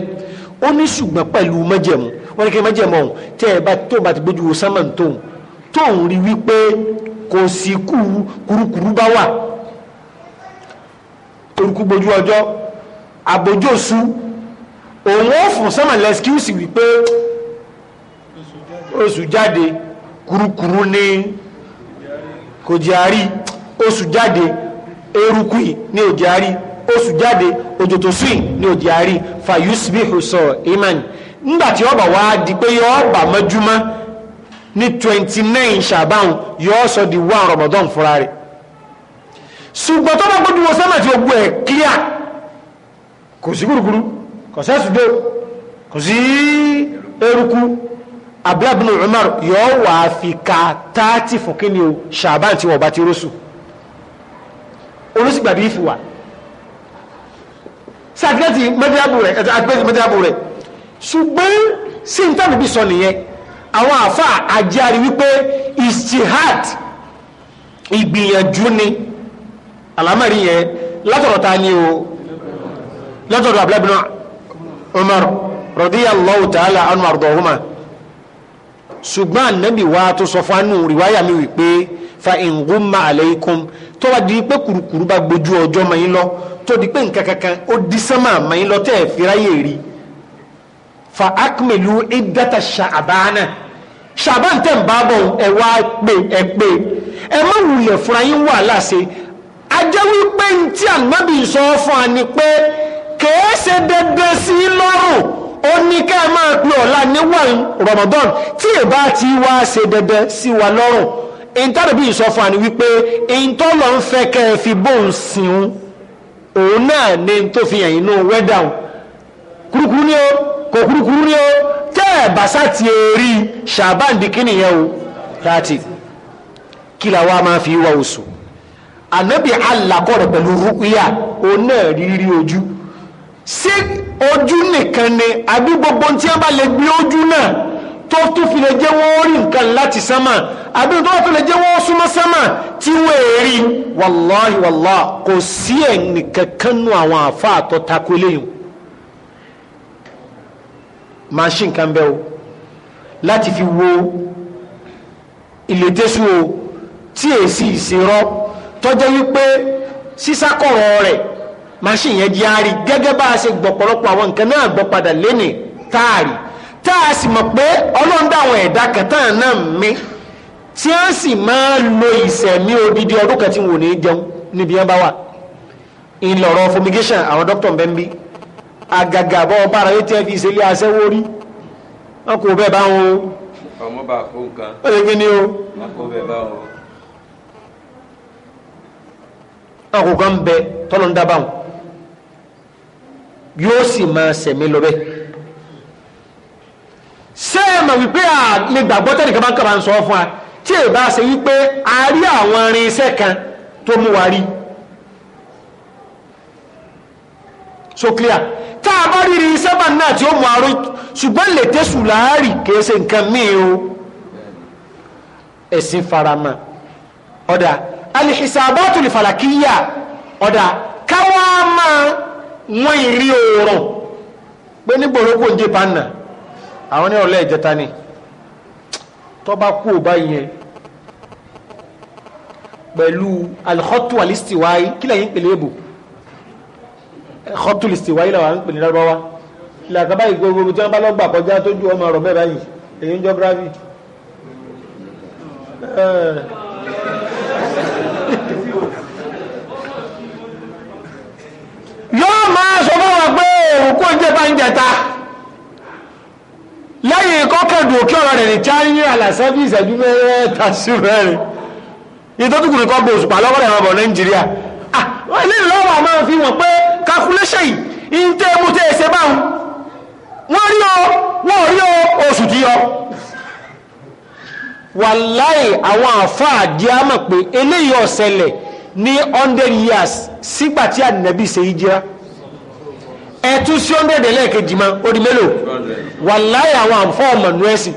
ó ní ṣùgbọ́n pẹ̀lú mẹ́jẹ̀mú wọ́n ní kí n má jẹ̀mọ́ òun tí ẹ bá tó bá ti gbójú wo sánmà tóun tóun rí wípé kò sí kú kurukuru bá wà orúkú gbójú ọjọ́ àbójósù òun ó fún sánmà lẹ́skíùsì wípé oṣù jáde kurukuru ní kò oṣù jáde eruku ní òjì oṣù jáde òjò tó ní òjì fayusbihu sọ imani. So, ńgbàtí ọba wá di pé yọ bà mọ́júmọ́ ní 29 ṣàbáhùn yọ sọ di wá Ramadan fúnra rẹ̀ ṣùgbọ́n tó bá gbójú wọ sẹ́mà tí ó gbọ́ ẹ̀ clear kò sí gúrùgúrú kò sẹ́sùdó kò sí eruku abúlábùnú Umar yọ wà fi ka 30 fún kíni o ṣàbáhùn tí wọ́n bá ti rọ́sù olùsìgbàbí ìfìwà sáà tí mẹ́tíyàbù rẹ̀ ṣùgbọ́n sí ní tàbí sọ nìyẹn àwọn àfà àjárí wípé istihad ìgbìyànjú ni alámẹ́rí yẹn látọ̀rọ̀ ta ni o látọ̀rọ̀ Abdullah bin Umar radiyallahu ta'ala anhu àrùdọ̀húnmá ṣùgbọ́n ànábì wa tó sọ fún anú rìwáyà mi wípé fa in gumma alaykum tó wá di pé kùrùkùrù bá gbójú ọjọ́ mọ́ lọ tó di pé nǹkan kankan ó di sánmà lọ tẹ́ẹ̀ fi ráyè rí fa akmelu idata ṣàbánà ṣàbán tẹ̀ ń bá bọ̀ ẹ wá pé ẹ pé ẹ má wulẹ̀ fúnra yín wà láṣẹ ajẹ́ wípé tí ànábì sọ fún wa ni pé kèé ṣe dandan sí lọ́rùn ó ní ká máa pe ọ̀la níwọ̀n Ramadan tí ìbá ti wá ṣe dandan sí wa lọ́rùn ìtàdàbí sọ fún wa ni wípé ìtọ́lọ̀ ń fẹ́ kẹ́ ẹ fi bóun sìn òun náà ni tó fi hàn inú wẹ́dà kúrúkúrú ni ó kò kúrúkúrú ní o tẹ́ ẹ̀ bá sá ti rí ṣàbáàn di kí nìyẹn o láti kí làwọn a máa fi wá oṣù ànábì alakọ rẹ pẹ̀lú rúkúyà òun náà rírí ojú ṣé ojú nìkan ni àbí gbogbo tí wọ́n bá lè gbé ojú náà tó tún fi lè jẹ́ wọ́n nǹkan láti sánmà àbí tó tún lè jẹ́ súnmọ́ sánmà tí wọ́n èrí wàláhì kò sí ẹnìkankan nù àwọn àfa àtọ́takú léyìn machine kan bẹ́ o láti fi wo ìlétésù o tí èsì ìṣèrọ tọ́jẹ́ wípé sísákọ̀rọ̀ rẹ̀ machine yẹn jẹ́ àárí gẹ́gẹ́ bá a ṣe gbọ̀pọ̀lọpọ̀ àwọn nǹkan náà gbọ́ padà lénìí táàrí tá a sì mọ̀ pé ọlọ́run dá àwọn ẹ̀dá kẹta náà mí tí a sì máa lo ìṣẹ̀mí odidi ọdún kan tí wò ní jẹun níbi yẹn bá wà ìlọ̀rọ̀ fumigation àwọn dókítà ń bẹ́ ń bí àgàgàbọ̀ bára yìí tí ẹ fi ìṣẹ̀lẹ̀ aṣẹ́wó rí wọn kò bẹ́ẹ̀ bá wọn o. ọmọ bá kó nǹkan. ó lè kí ni o. wọn kò bẹ́ẹ̀ bá wọn. wọn kò kàn bẹ tọ́lọ̀ ń dábàá wọn yóò sì máa sẹ̀mí lọ bẹ́ẹ̀. ṣé ẹ mọ̀ wípé à lè gbàgbọ́ bá ń kàbá ń sọ fún wa tí ẹ bá ṣe wípé a rí àwọn irinṣẹ́ kan tó mú wa rí. so clear a bá rí rí sẹ́bà náà tí ó mú arú ṣùgbọ́n lè tẹ́sù láàárì kìí ṣe nǹkan míì o ẹ̀sìn farama ọ̀dà alihisabatul falakiya ọ̀dà káwá máa wọ́n ìrí oòrùn pé nígbòrógbò ń dé panna àwọn ní ọ̀lẹ́ ìjẹta ni tọ́ba kú ò bá yẹn pẹ̀lú alikọ́tù alistiwaayi kílẹ̀ yín pèlè èbò hoptulisti wáyé làwọn ń pè ní lárúbáwá làkàbá ìgbogbo tí wọn bá lọgbà kọjá tó ju ọmọ ọ̀rọ̀ bẹ́ẹ̀ báyìí èyí ń jọgráfì yóò máa sọ fún wa pé òun kò jẹ bá ń jẹta lẹ́yìn kọkẹdù òkè ọ̀rọ̀ rẹ̀ ní cháyé àlàsẹbí ìṣẹ́jú mẹ́ta sí mẹ́rin ìtọ́jú kùnìkan bò òṣùpá lọ́wọ́ rẹ̀ wọn bọ̀ nàìjíríà ah ilé ìlọ́wọ́ máa fi wọn pé calculation yìí ń tẹ́ mú tẹ́ ẹsẹ̀ báwọn wọ́n rí o wọ́n rí o oṣù tí yọ wàláì àwọn àfáà di á mọ̀ pé eléyìí ọ̀sẹ̀lẹ̀ ní 100 years sígbà tí ànàbí ṣe ìjìrá ẹ̀tún sí 100 ẹlẹ́ẹ̀kejì ma ó di mélòó wàláì àwọn àfọ́ ọmọ nù ẹ̀sìn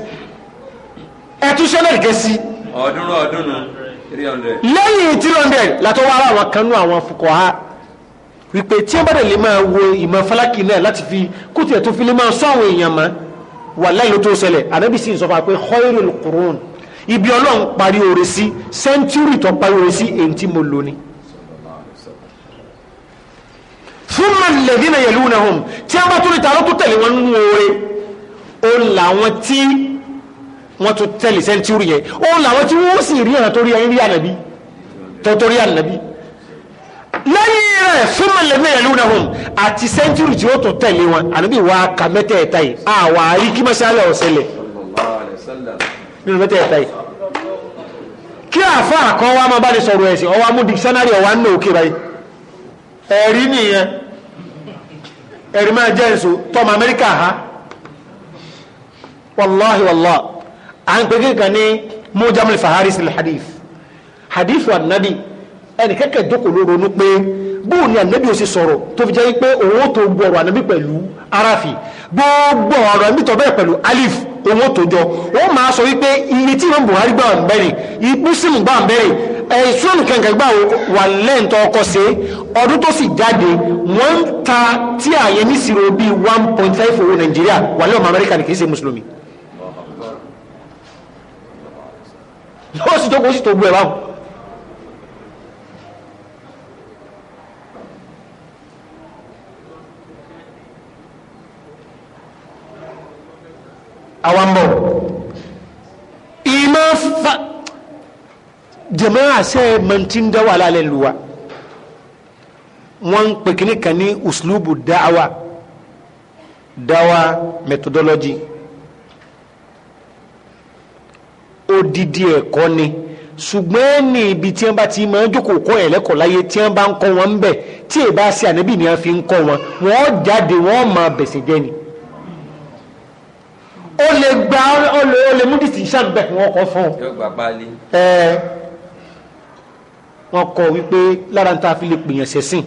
ẹ̀tún sí 100 kẹsí ọdún ọdún 300 lẹ́yìn 300 látọwọ́ ara àwọn kanú àwọn fukọ̀ ha wípé tí wọ́n bá dẹ̀ lè máa wo ìmọ̀ fálákì náà láti fi kó tiẹ̀ tó fi lè máa sọ àwọn èèyàn mọ́ wàláhì ló tó ṣẹlẹ̀ ànábì sì ń sọ fún wa pé khairul qurun ibi ọlọ́run parí oore sí sẹ́ńtúrì tó parí oore sí èyí tí mo lò ní. thumma alladhina yalunahum tí wọ́n bá tún lè ta lọ́tún tẹ̀lé wọn nínú oore ó làwọn tí wọ́n tún tẹ̀lé sẹ́ńtúrì yẹn ó làwọn tí wọ́n sì rí àná torí ànábì torí ànábì lẹ́yìn rẹ̀ súnmọ́ lẹ́fẹ́ yẹn lúna hùn àti sẹ́ńtúrì tí ó tó tẹ̀lé wọn ànábì wa ka mẹ́tẹ̀ẹ̀ta yìí àwa rí kí mọ́ṣálẹ̀ ọ̀sẹ̀lẹ̀ nínú mẹ́tẹ̀ẹ̀ta yìí kí àfa àkọ́ wa máa bá ní sọ̀rọ̀ ẹ̀sìn ọwọ́ amú dikisánárì ọ̀wá ń nà òkè báyìí ẹ̀rí nìyẹn ẹ̀rí máa jẹ́ èso tọ́mọ Amẹ́ríkà ha wàláhi wàlá à ń pè kíkan ní mujamul faharis al hadith hadith wa nabi ẹnìkẹ́kẹ́ jókòó ló ronú pé bóun ni ànábì ó sì sọ̀rọ̀ tó fi jẹ́ pé òun ó tó gbọ̀rọ̀ ànábì pẹ̀lú arafi gbogbo ọ̀rọ̀ ẹ̀mí tọ́bẹ̀ pẹ̀lú alif owó tó jọ ó máa sọ wípé iye tí ìmọ̀ Buhari gbà ń bẹ̀rẹ̀ ìpínsìmù gbà ń bẹ̀rẹ̀ ẹ̀sùn kẹ̀kẹ́ gbà wà lẹ́ǹtọ́ ọkọ̀ sí ọdún tó sì jáde wọ́n ń ta tí àyẹ ní ìṣirò sì tó kó sì tó gbé ẹ̀ báwọn. Awambo, ima fa jamaa àṣẹ mọ̀tíńdáwà lálẹ́ lùwà wọ́n ń pè kíní uslubu dáwà dáwà methodology odidi ẹ̀kọ́ ni ṣùgbọ́n ní ibi tí wọ́n bá ti máa ń jókòó kọ́ ẹ̀ lẹ́kọ̀ọ́ láyé tí wọ́n bá ń kọ́ wọn ń bẹ̀ tí èbá ṣe ànábì ni wọ́n fi ń kọ́ wọn wọ́n jáde wọ́n máa bẹ̀sẹ̀ jẹ́ ni ó lè gba ó lè mú distinction bẹ́ẹ̀ ni wọ́n kọ́ fún un wọ́n kọ́ wípé lára ń ta fi lè pèèyàn sẹ́sìn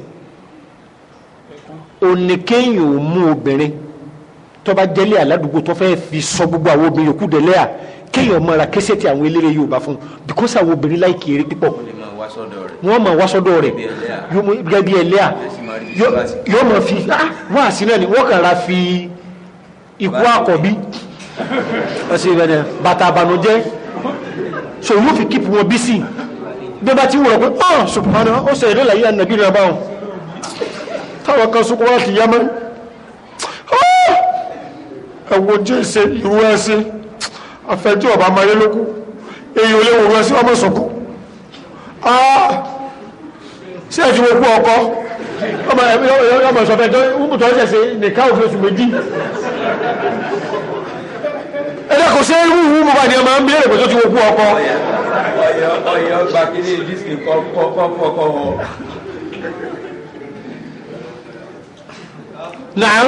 oníkéyìn ò mú obìnrin tó bá jẹ́lé aládùúgbò tó fẹ́ẹ́ fi sọ gbogbo àwọn obìnrin yòókù délé à kéèyàn mọ́ra kéṣẹ́ ti àwọn eléré Yorùbá fún because àwọn obìnrin láì kéré pípọ̀ wọ́n mọ̀ wásọ́dọ̀ rẹ̀ gẹ́gẹ́ bí ẹlẹ́à yóò mọ̀ fi ah, wọ́n àsínà ni wọ́n kàn ra fi ikú àkọ́bí ọsì ìbẹ̀rẹ̀ bàtà àbànújẹ́ so yóò fi kíp wọn bí sí bí bá ti wọ̀ pé ọ̀ ṣùgbọ́n ó sẹ̀ ìrẹ́lẹ̀ yìí ànàbí rẹ̀ báwọn táwọn kan sókó láti yá mọ́ ẹ̀wọ̀ jẹ́ ìṣe ìrú ẹ̀ṣẹ́ àfẹ́jọ́ ọ̀bà amáyé lókù èyí ò léwu ẹ̀ṣẹ́ ọmọ sọ̀kọ́ ṣé ẹ̀jú wo kú ọkọ ọmọ ẹ̀mí ọmọ ìṣọ̀fẹ́ tó ń bùtọ́ ṣẹ̀ṣẹ̀ nìkan òfin oṣù méjì ẹ̀dá kò ṣe é wú wú mo bá ní ọmọ ń bèèrè pé tó ti wo kú ọkọ. ọyọ gba kíní disiki kọkọ wọn. náà.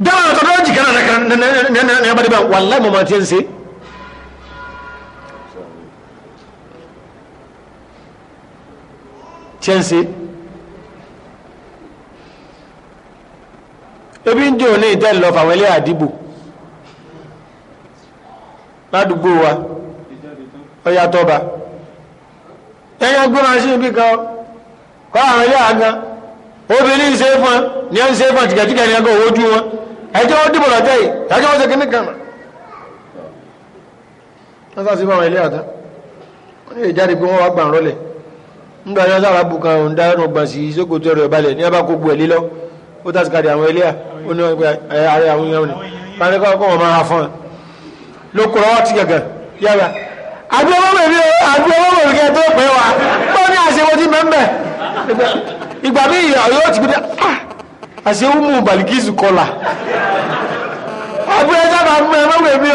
dáhùn àtọ́dọ́ jìkan náà nàkàrà nàbàdìbà wàláì mọ̀mọ́ àti ẹ̀ ń ṣe. ṣẹ́ǹsì ebi ndi dìrò ní ìtẹ́lọ fàwọn ilé àdìbò wa ọya tọba ẹ̀yà gbé machine bí kan kọ́ o ilé àgán obìnrin ń ni fún ní ẹ̀ ń ṣe fún ni ní ẹgbẹ́ owó ojú wọn ẹjọ́ ó dìbò lọ́tẹ̀ yìí ẹjọ́ ó ṣe kíní kan wọ́n sá sí ilé nígbà yẹn sára bù kan òun dáhùn ọgbà sí ìṣòkòtò ọ̀rọ̀ ìbalẹ̀ ní abá gbogbo ẹ̀ lílọ ó àwọn ààrẹ àwọn èèyàn ni wọn máa fọ́n ló ti gàgàn yára àbí ọwọ́ bèbí àbí ọwọ́ bèbí kẹ́ tó wa bọ́ ní àṣewọ́ ti ìgbà yóò ti gbé ah, àṣewọ́ mú àbí mú ẹ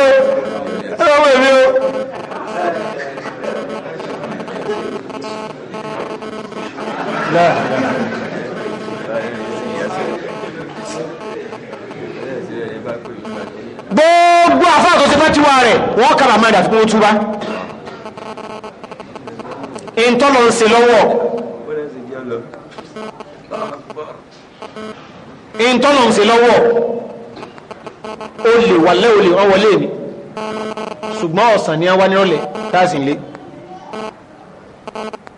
لا gbogbo àfáà tó ti fẹ́ tiwa rẹ̀ wọ́n kàrà máa dàtí wọ́n túbá ìntọ́lọ̀ ń ṣe lọ́wọ́ ìntọ́lọ̀ ń ṣe lọ́wọ́ ó lè wà lẹ́wọ̀lẹ̀ ọwọ́lẹ́ mi ṣùgbọ́n ọ̀sán ni a wá ní ọ̀lẹ̀ táàsì lé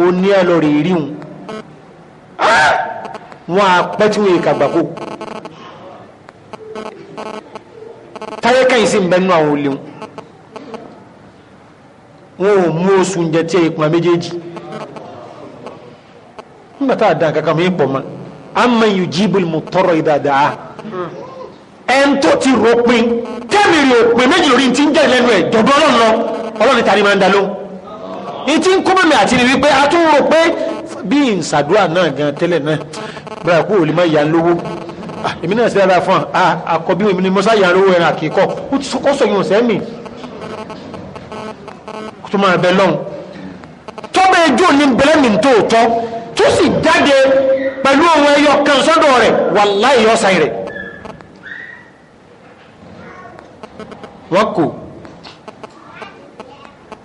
ó ní ẹ lọ rèé ríhun ah! wọn àpẹ́ tí wọ́n yìí kàgbàkó táyé kẹ́yìn sí ń bẹ́nu àwọn olè wọn wọn ò mú oṣù oúnjẹ tí ẹ̀yìn pọ̀ méjèèjì nígbà tá a dàn kankan mi pọ̀ mọ́ àmọ́ yìí jíbìlì mú tọrọ ìdàdà ẹn tó ti rò pin tẹ́mìrì òpin méjì lórí ti ń jẹ́ ìlẹ́nu ẹ̀ jọ̀dọ̀ ọlọ́run lọ ọlọ́run tàbí máa ń da ní tí ń kó mọ̀mí àti ni wípé a tún rò pé bí ìsàdúrà náà gan tẹ́lẹ̀ náà bẹ̀rẹ̀ kó o lè má yà ń lówó èmi náà sì dáadáa fún à àkọ́bí mi ni mo sáyà lówó ẹran àkíkọ́ ó ti kọ́ sọ̀yìn ọ̀sẹ̀ mi tó máa bẹ lọ́hùn tọ́mọ ẹjọ́ ní bẹ̀rẹ̀ mi tóòtọ́ tó sì jáde pẹ̀lú ohun ẹyọ kan sọ́dọ̀ rẹ̀ wàláì ọ̀sán rẹ̀ wọ́n kò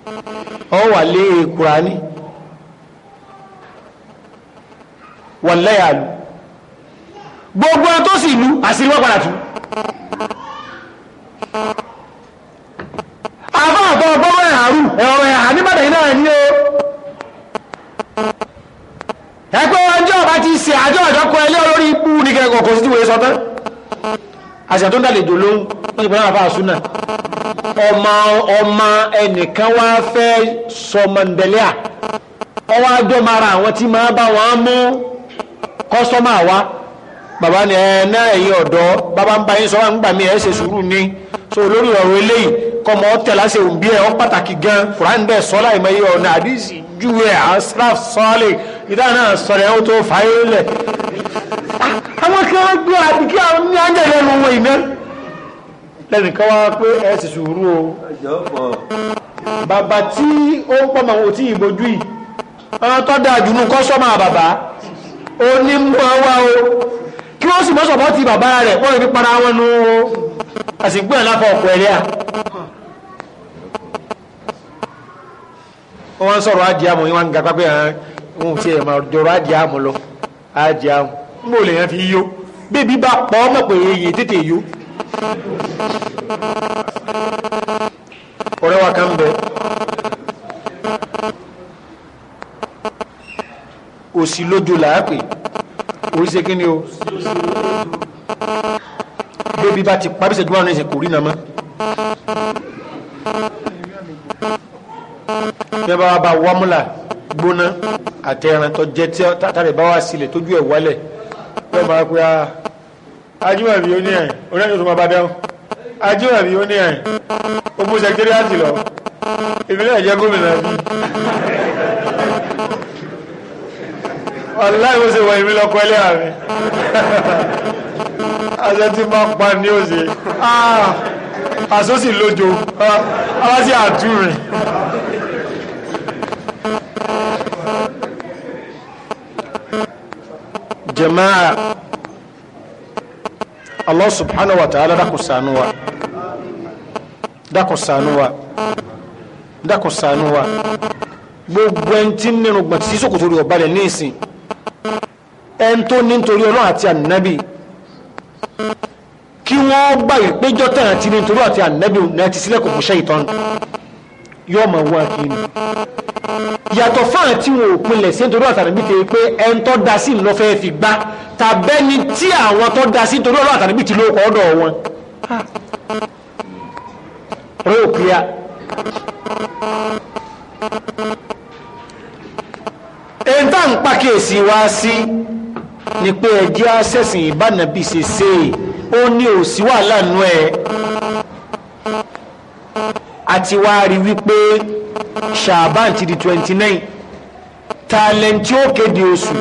ọ wà lé e kurani wà lẹ́yàlú gbogbo tó sì lú àṣírí wọ́n padà tú àbá àbọ̀ ọgbọ́n ẹ̀ àrù ẹ̀rọ ẹ̀ àníbàdàn iná ẹ̀ ní o ẹgbẹ́ ọjọ́ ọba ti ẹlẹ́ sí ti wòye àṣà tó ń dàlejò lóhùn wọ́n ti pẹ̀lú àwọn àfáà súnà ọmọ ọmọ ẹnìkan wá fẹ́ sọmọndẹ̀lẹ́à ọwọ́ àjọ àwọn tí máa bá wọn mú kọ́sọ́mà wa bàbá ni ẹ náà ẹ̀yin ọ̀dọ́ bàbá ń bá yín sọ́wọ́n nígbà mí ẹ ṣe sùúrù ni so lórí ọ̀rọ̀ eléyìí kọmọ tẹ̀lá ṣe òun bí ẹ ọ pàtàkì gan Kùránì bẹ́ẹ̀ sọ́lá ìmọ̀ iye ọ̀nà àdìsí juwe asraf sọ́ọ̀lì ìdá náà sọ̀rọ̀ ẹ̀ ó tó fà é lẹ̀. àwọn kí wọ́n gbé àdìgí àwọn ní àjẹ́ lẹ́nu wọn ìná lẹ́nìkan wá pé ẹ sì sùúrù o bàbá tí ó ń pọ̀ mọ́ òtí ìbojú yìí wọ́n tọ́ da àjùnú kọ́sọ́mà bàbá ó ní mọ́ wá o kí wọ́n sì mọ́sọ̀bọ́ ti bàbá rẹ̀ wọ́n rí para wọn nú àsìgbò ẹ̀ láfọ̀ ọ̀pọ̀ ẹ̀rẹ́ à wọ́n ń sọ̀rọ̀ ájì àmọ̀ wọ́n ń ga pápẹ́ àwọn ohun tí ẹ̀ máa jọrọ̀ ájì àmọ̀ lọ ájì àmọ̀ ń bò lèèyàn fi yó bébí bá pọ̀ mọ̀ pé èyí tètè yó ọ̀rẹ́ wa kan bẹ òsì lójú làápè oríṣi kí ni o bébí bá ti pàbí ìṣẹ́jú márùn-ún ẹ̀sìn kò rí nàmọ́ bí wọ́n bá bá wámúlà gbóná àtẹ̀ràn tó jẹ́ tí tàbí bá wà sílẹ̀ tójú ẹ̀ wálẹ̀ wọ́n máa pe ah, ajímọ̀bí ó ní ẹ̀ oníyànjú tó máa bá dáhùn ajímọ̀bí ó ní ẹ̀ ó bú sẹkítẹ́rì àti lọ ìbílẹ̀ gómìnà bí wàláì ó ṣe wọ èmi lọkọ ilé àmì àṣẹ tí máa pa ní òṣè àṣọ ah, sì lójo aláṣẹ àtúrin. jama'a Allah subhanahu wa ta'ala dákun ṣàánú wa dákun ṣàánú wa dákun ṣàánú wa gbogbo ẹni tí nínú gbọ̀ntì sí sòkòtò rẹ̀ ọ̀balẹ̀ ní ìsìn ẹn tó nítorí ọlọ́run àti ànábì kí wọ́n gbà yìí péjọ́ tán àti nítorí àti ànábì náà ti sílẹ̀kùn fún ṣẹ́yìntàn yóò máa wá kí ni yàtọ̀ fáwọn tí wọn ò pinlẹ̀ sí nítorí àtànábì tẹ pé ẹn tó da sí ló fẹ́ fi gbá tàbẹ́ni tí àwọn tó da sí nítorí ọlọ́run àtànábì ti lóko ọ̀dọ̀ wọn rẹ́ òkúya èyí tá ń pàkíyèsí wá sí ni pé ẹjẹ́ àṣẹ̀sìn ìbánàbí ṣe ṣe ó ní òsì wàhálà nú ẹ àti wá rí wípé ṣàbán ti di twenty nine tàlẹ́ǹtì ó kéde oṣù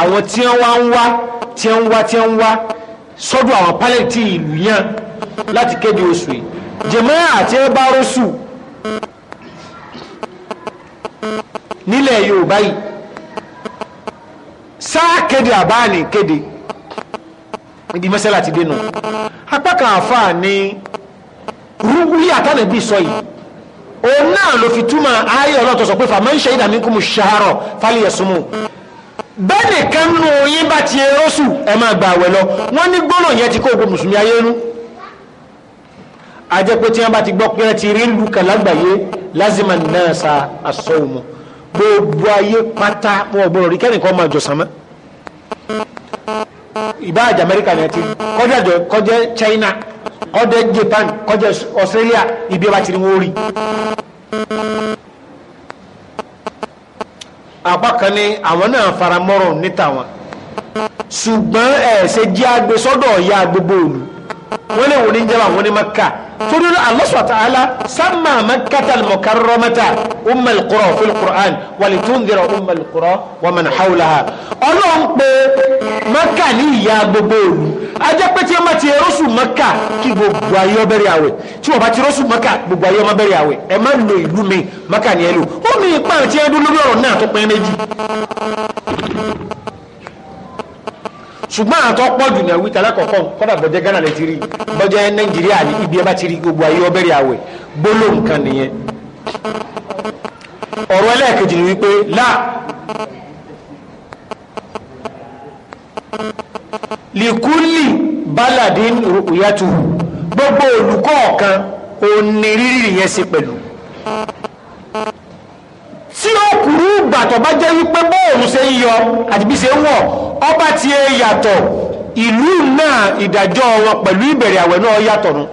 àwọn tí wọ́n ń wá tí wọ́n ń wá tí wọ́n ń wá sọ́dọ̀ àwọn pálẹ̀tì ìlú yàn láti kéde oṣù yìí jẹ̀mọ́ àti ẹbá rọ́ṣù nílẹ̀ Yorùbá yìí sáà kéde àbáàní kéde ibi mẹ́sẹ́lá ti dénú apá kan àfáà ní rúwúyà tánàbí sọ yìí òun náà ló fi túmọ̀ ayé ọlọ́tọ̀ sọ pé fàmọ́ ń ṣe ìdàmí kú mu ṣàárọ̀ fáliyẹ̀ súnmù bẹ́ẹ̀ni kan nù yín bá ti rọ́ṣù ẹ máa gbà wẹ̀ lọ wọ́n ní gbọ́nà yẹn ti kó ogun mùsùlùmí ayé nú ajẹ́ tí wọ́n bá ti gbọ́ pé ẹ ti rí lùkà lágbàáyé lázìmà náà sa àsọ̀wọ̀mù gbogbo ayé pata wọn ò gbọdọ̀ rí kẹ́nìkan máa jọ sánmọ́ ìbá àjà ni ẹ ti kọjá jọ kọjá china kọjá japan kọjá australia ibi ọba ti ní wọn rí. apá kan ní àwọn náà faramọ́rọ̀ níta wọn ṣùgbọ́n ẹ̀ ṣe jí agbe ọ̀ya gbogbo òlu wọ́n lè wò ní jẹ́ àwọn ní maka torí Allah subhanahu wa ta'ala sámà makata al-mukarramata ummul qura fil qur'an wàlì tó ń dira ummul qura wa man hawlaha ọlọ́run pé maka ní ìyá gbogbo òlu ajẹ́ pé tí wọ́n bá ti rọ́ṣù maka kí gbogbo ayé ọbẹ̀rẹ̀ àwẹ̀ tí wọ́n bá ti rọ́ṣù maka gbogbo ayé ọbẹ̀rẹ̀ àwẹ̀ ẹ má lo ìlú mi maka ni ẹ lò ó mi ìpàrọ̀ tí ẹ dún lórí ọ̀rọ̀ náà tó pẹ́ méjì. ṣùgbọ́n àtọ́ pọ̀jù ní àwítà alákọ̀ọ́kọ́ kọ́dà bọ́jẹ́ Ghana lè ti rí bọ́jẹ́ Nàìjíríà ní ibi ẹ bá ti rí gbogbo ayé ọbẹ̀rẹ̀ àwẹ̀ gbóló nìyẹn ọ̀rọ̀ ẹlẹ́ẹ̀kejì ni wípé láà likuli gbogbo olùkọ́ ọ̀kan onírírí yẹn sí pẹ̀lú tí ó kúrú gbàtọ̀ bá jẹ́ wípé bóòlù ṣe ń yọ àti bí ṣe ń wọ̀ ọba ti ẹ yàtọ̀ ìlú náà ìdájọ́ wọn pẹ̀lú ìbẹ̀rẹ̀ àwẹ̀ náà yàtọ̀ nu.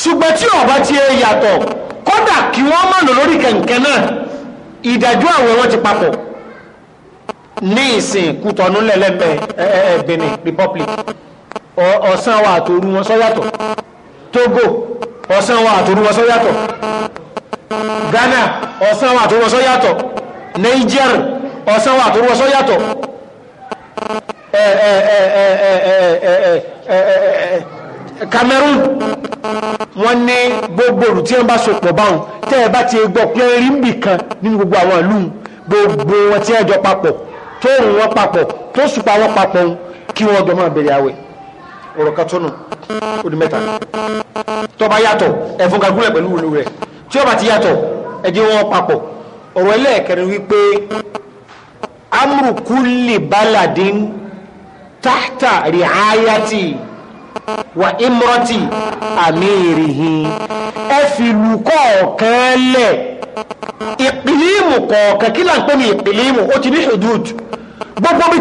ṣùgbọ́n tí ọba ti ẹ yàtọ̀ kódà kí wọ́n má lò lórí kẹ̀kẹ́ náà ìdájọ́ àwẹ̀ wọn ti papọ̀ ní ìsìn kùtọ̀nù lẹ́lẹ́bẹ̀ Benin Republic ọ̀sán wa àtòru wọn sọ yàtọ̀ Togo ọ̀sán wa àtòrúwọsọ yàtọ̀ Ghana ọ̀sán wa àtòrúwọsọ yàtọ̀ Niger ọ̀sán wa àtòrúwọsọ yàtọ̀ Cameroon wọ́n ní gbogbo òrù tí wọ́n bá sopọ̀ báwọn tẹ́ ẹ bá ti gbọ́ pé rí mbì kan nínú gbogbo àwọn ìlú gbogbo wọn tí ẹ papọ̀ tó òun wọn papọ̀ tó sùpà wọn papọ̀ kí wọ́n jọ máa àwẹ̀. ọ̀rọ̀ kan tónù ó di mẹ́ta tó yàtọ̀ ẹ̀fún pẹ̀lú rẹ̀ tí ó bá ti yàtọ̀ ẹjẹ́ wọn papọ̀ ọ̀rọ̀ ẹlẹ́ẹ̀kẹrin wípé amru kulli baladin tahta riayati wa imrati amirihi ẹ kọ̀ọ̀kan lẹ̀ ìpìlímù kọ̀ọ̀kan kí ti ní gbogbo bí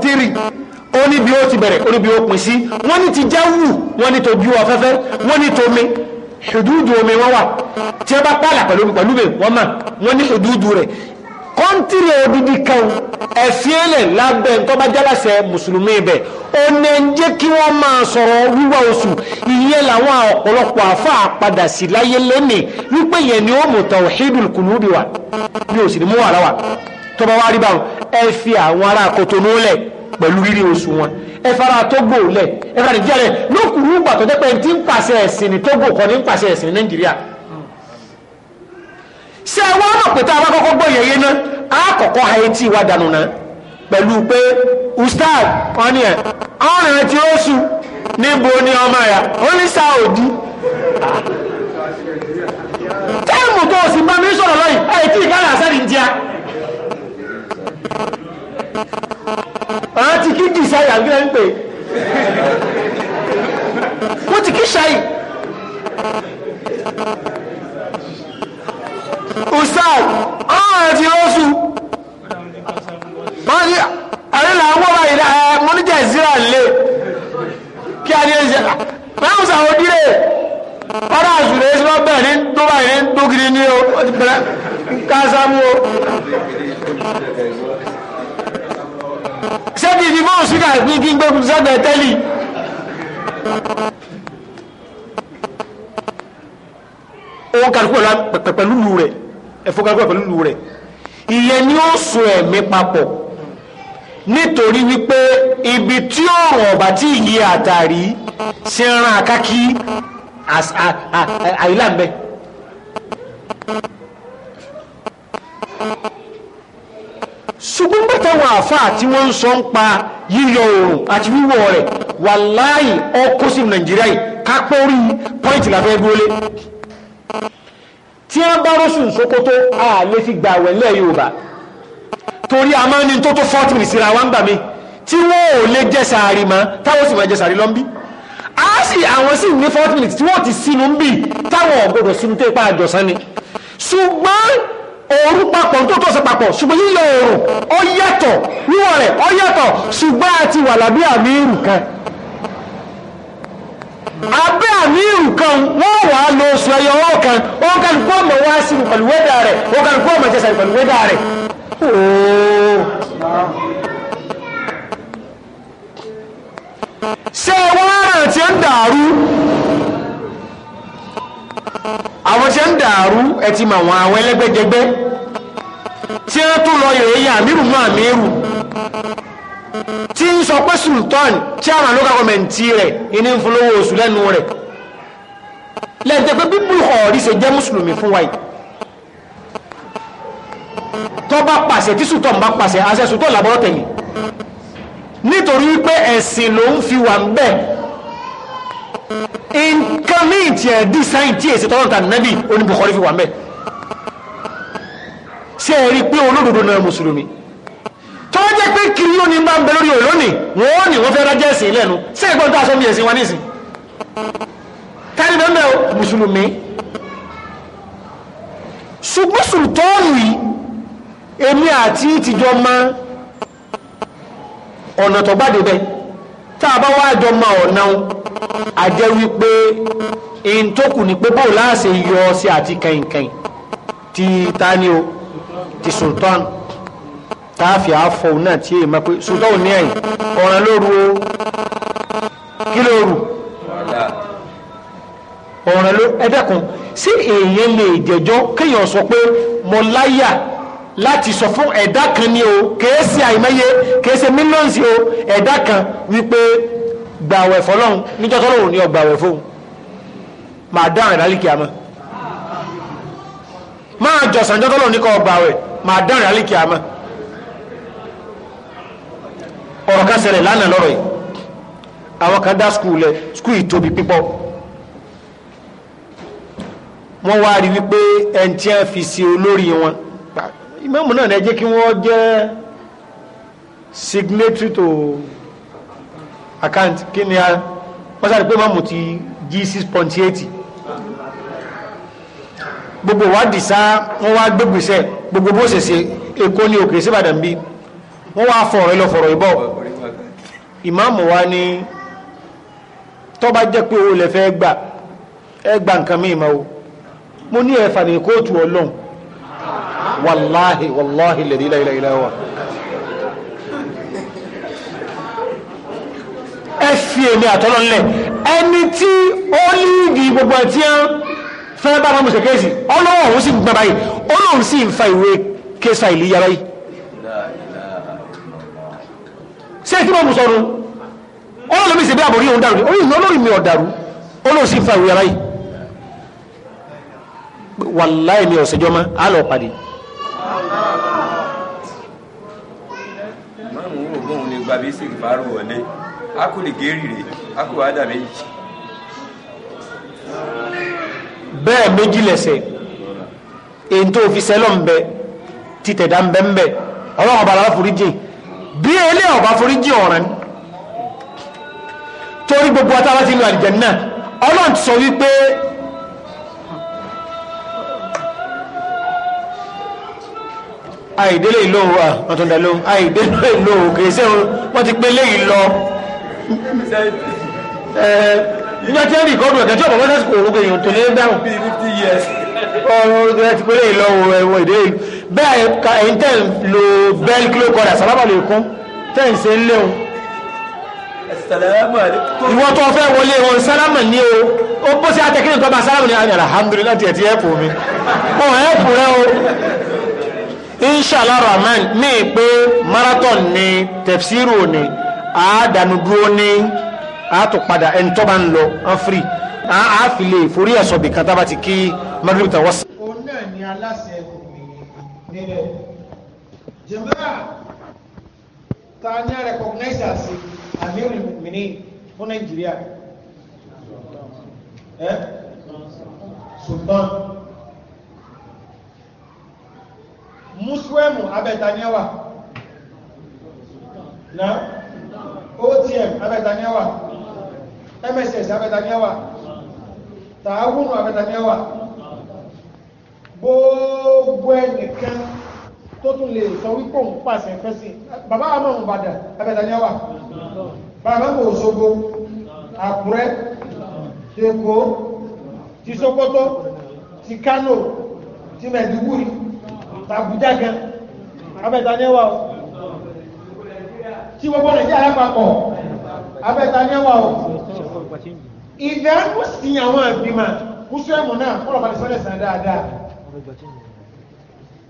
tí ó ní bí ó ti bẹ̀rẹ̀ ó ní bí ó pín sí wọ́n ní ti jáwù wọ́n ní tojú afẹ́fẹ́ wọ́n ní tomi ṣùdúdú omi wọ́n wà tí wọ́n bá pààlà pẹ̀lú pẹ̀lú mi wọ́n mà wọ́n ní ṣùdúdú rẹ̀ kọ́ńtìrì odidi kan ẹ̀fíẹ́lẹ̀ lábẹ́ tó bá jálàsẹ̀ mùsùlùmí ibẹ̀ ó ní ń jẹ́ kí wọ́n máa sọ̀rọ̀ wíwá oṣù ìyẹn làwọn ọ̀pọ̀lọpọ̀ àfa àpadà sí láyé lẹ́nìí wípé yẹn ni ó mú tawhidul kulubi wa bí ó sì ní mú wàrà wa tó bá wá rí báwọn ẹ fi àwọn ará Kotonu lẹ̀ pẹ̀lú rírí oṣù wọn ẹ fara Tógò lẹ̀ ẹ fara Nàìjíríà lẹ̀ lókùrú gbà tó jẹ́ pé ti ń pàṣẹ ẹ̀sìn ní Tógò kọ́ ní ń pàṣẹ ẹ̀sìn ní Nàìjíríà ṣé ẹ mọ̀ pé tá a bá kọ́kọ́ gbọ́ yẹ̀yẹ́ náà á kọ́kọ́ ha etí wa dànù náà pẹ̀lú pé ustaz kan yẹn ọ̀ràn tí ó sùn níbo ni ọmọ yà ó ní Saudi táìmù tó o sì bá mi sọ̀rọ̀ lọ́yìn ẹ̀ tí ìkárà àwọn ti kí dìsáyà àgbẹ̀ ń pè wọ́n ti kí ṣáì ustaz ọ̀rọ̀ ti rọ́ṣù wọ́n ní àrílà wọ́n báyìí ẹ̀ mọ́níjà ìsírà lè kí a ní ẹ̀ṣẹ̀ mẹ́rùn sàwọn díre ọ̀rọ̀ àṣùlẹ̀ ẹ̀ṣẹ̀ wọ́n bẹ̀rẹ̀ ní tó báyìí ní tó kiri ní o ó ti bẹ̀rẹ̀ ń ká sámú o ṣé kí ibi mọ́ òṣìkà ìpín kí n gbé kùn sẹ́gbẹ̀ẹ́ tẹ́lì òun kàlùkù pẹ̀lú lu rẹ̀ ẹ̀fọ́ kàlùkù pẹ̀lú lu rẹ̀ ìyẹn ni ó so ẹ̀mí papọ̀ nítorí wípé ibi tí ọ̀rọ̀ ọ̀bà tí ìyẹ àtàrí ṣe ń ran àkákí àìlàmbẹ́ ṣùgbọ́n gbẹ́tàwọn àfáà tí wọ́n ń sọ ń pa yíyọ oòrùn àti wíwọ̀ rẹ̀ wàláhì ọkọ̀ sí nàìjíríà yìí kápẹ́ orí pọ́ìntì làfẹ́ dúrólé tí wọ́n bá rọ́ṣùn sókótó a lè fi gbà wẹ̀lẹ́ yorùbá torí a máa ní tó tó fọ́tí mìíràn síra wọn gbà mí tí wọ́n ò lè jẹ́ sàárì mọ́ táwọn sì máa jẹ́ sàárì lọ́nbí a sì àwọn sì ní fọ́tí mìíràn tí wọ́n ti sínú ń bì táwọn ọ̀gbọ́dọ̀ sínú tó ipa àjọsán ni ṣùgbọ́n òórùn papọ̀ tó tó ṣe papọ̀ ṣùgbọ́n yíyọ òórùn ó yàtọ̀ wíwọ̀ rẹ̀ ó yàtọ̀ ṣùgbọ́n àti wà lábí àmì ìrù kan abẹ́ àmì ìrù kan wọ́n wà á lo oṣù ẹyọ ọwọ́ kan òun kan kó ọmọ wá sí pẹ̀lú wẹ́dà rẹ̀ òun kan kó ọmọ jẹsẹ̀ pẹ̀lú wẹ́dà rẹ̀ ṣé wọ́n rántí ń dàrú àwọn tí ń dàrú ẹ ti mà wọn àwọn ẹlẹ́gbẹ́jẹgbẹ́ tí wọ́n tún lọ yẹ̀yẹ́ àmírù mọ́ àmírù tí ń sọ pé sultan chairman local government rẹ̀ ní ń fúnlówó oṣù lẹ́nu rẹ̀ lẹ́yìn pé bíbù ọ̀rí ṣe jẹ́ mùsùlùmí fún wa yìí tó bá pàṣẹ tí sultan bá pàṣẹ àṣẹ sultan làbọ̀ tẹ̀lé nítorí pé ẹ̀sìn ló ń fi wà ń bẹ́ẹ̀ nǹkan míì tí ẹ̀ dísáìn tí èsì tọ́lọ́ tà nẹ́bì oníbùkọ́rí fi wà mẹ́ ṣé ẹ rí pé olódodo náà mùsùlùmí tó wọ́n jẹ́ pé kiri ó ní bá ń bẹ lórí òlónìí wọ́n ní wọ́n fẹ́ rájẹ́ ẹ̀sìn lẹ́nu ṣé ẹ̀gbọ́n tó aṣọ mi ẹ̀sìn wọn nísìn tani bẹ́ẹ̀ mẹ́ o mùsùlùmí ṣùgbọ́n sùrùtọ́ọ̀lù yìí èmi àti ìtìjọ máa ọ̀nà tó bá dé bẹ́ẹ̀ tá a bá wá jọ mọ ọ̀nà a jẹ́ wípé n tó kù ní pé bó láàṣẹ yọ ọ sí àti kẹ̀yìnkẹ̀yìn ti tani o ti sultan tààfì àfọ náà tí èèmọ pé sultan ò ní ẹ̀yìn ọ̀ràn lóru o kí ló rù ọ̀ràn ló ẹ̀dẹ́kun sí èèyàn lè jẹ́jọ́ kéèyàn sọ pé mo láyà láti sọ fún ẹ̀dá kan ní o kèése àìmẹ́yẹ kèése mílíọ̀nsì o ẹ̀dá kan wípé gbàwẹ̀ fọlọ́hun níjọ́tọ́lọ́hun ní ọgbàwẹ̀ fóun máa dá àrẹ̀ lálìkì àmọ́ máa jọ̀sán jọ́tọ́lọ́hun ní kọ́ ọgbàwẹ̀ máa dá àrẹ̀ lálìkì àmọ́ ọ̀rọ̀ kan ṣẹlẹ̀ lánàá lọ́rọ̀ yìí àwọn kan dá skul lẹ skul yìí tóbi pípọ̀ wọ́n wá rí wípé ẹni tí wọ́n fi ṣe olórí wọn ìmáàmù náà rẹ̀ jẹ́ kí wọ́n jẹ́ signatory to account kí ni a wọ́n sáré pé ìmáàmù ti jí six point eight gbogbo wa dì sá wọ́n wá gbégbèsẹ̀ gbogbo bó ṣe ṣe èkó ní òkè síbàdàn bí wọ́n wá fọ̀rọ̀ lọ fọ̀rọ̀ ìbọ̀ ìmáàmù wa ni tó bá jẹ́ pé o lè fẹ́ gbà ẹ gba nǹkan mìíràn o mo ní ẹ̀fà ní kóòtù ọlọ́run wàláhì wàláhì lèdí ilẹ̀ ilẹ̀ ilẹ̀ wa. ẹ fi èmi àtọ́lọ́ ńlẹ̀ ẹni tí ó líìdì gbogbo ẹ̀ tí ó fẹ́ bá wọn mùsùlùmí kéèsì ọlọ́wọ́ òun sì gbà báyìí olóhùn sì ń fa ìwé kéésà ìlú yàrá yìí. ṣé kí wọ́n mú sọ́nu olóhùn mi sì bí àbòrí òun dàrú wàláì mi ọ̀sẹ̀jọ́ mọ́ gba bí sì fàárò wọlé a kò lè gérì rè a kò wá dà méjì. bẹ́ẹ̀ méjì lẹ̀sẹ̀ èyí tó fi sẹ́lọ̀ ń bẹ títẹ̀dá ń bẹ ń bẹ ọlọ́run ọba aláwọ̀ foríjì bí ilé ọba foríjì ọ̀ràn torí gbogbo ọtá láti lu àlìjẹ náà ọlọ́run ti sọ wípé àìdélé ìlóhùn à ọ̀tọ̀ndà lóhùn àìdélé ìlóhùn kìí sí ẹ̀hún wọ́n ti pé léyìn lọ nígbà tí ẹ̀rì kọ́dù ẹ̀kẹ́ tí ọ̀pọ̀ mọ́tà sí òrùkọ èèyàn tó lé dáhùn ọ̀rọ̀ ẹ̀rọ ti pé léyìn lọ ẹ̀wọ̀n ìdélé bẹ́ẹ̀ ka ẹ̀yìn tẹ̀ lo bẹ́ẹ̀lì kílò kọ́dà sábàbà lè kún tẹ̀ ń se ń léhùn ìwọ́n tó fẹ́ wọlé wọn sálámà ní o ó bó sí atẹ́kínú tó bá sálámà ní alhamdulillah ti ẹ̀ ti ẹ̀pù mi ọ̀ ẹ̀pù rẹ o inshallah rahman ní pé marathon ni tefsiru ni àádánù dúró ní àtúpadà ẹni tó bá ń lọ afri àáfilè forí ẹ̀sọ́ bìkan tábà ti kí magrib tàwọn. òun náà ni aláṣẹ nílẹ̀ jẹ̀mẹ́rà ta ní a recognize as amir mini fún nàìjíríà ẹ́ eh? ṣùgbọ́n. muswemu abẹ́taníẹ́wà na otm abẹ́taníẹ́wà mss abẹ́taníẹ́wà tààgùnù abẹ́taníẹ́wà gbogbo ẹnìkan tó tún lè sọ wípò ń pàṣẹ fẹ́sí bàbá àmọ́ ìbàdà abẹ́taníẹ́wà bàbá kò Òṣogbo Àkúrẹ́ Èkó ti Sókótó ti Kánò ti Mẹ̀dúgùrì tàbújá gan abẹ́ta ní ẹwà o tí gbogbo nàìjíríà lápapọ̀ abẹ́ta ní ẹwà o ìdá ó sì àwọn àbímà mùsùlùmù náà kọ́lọ̀ bá ti sọ́lẹ̀ sàn dáadáa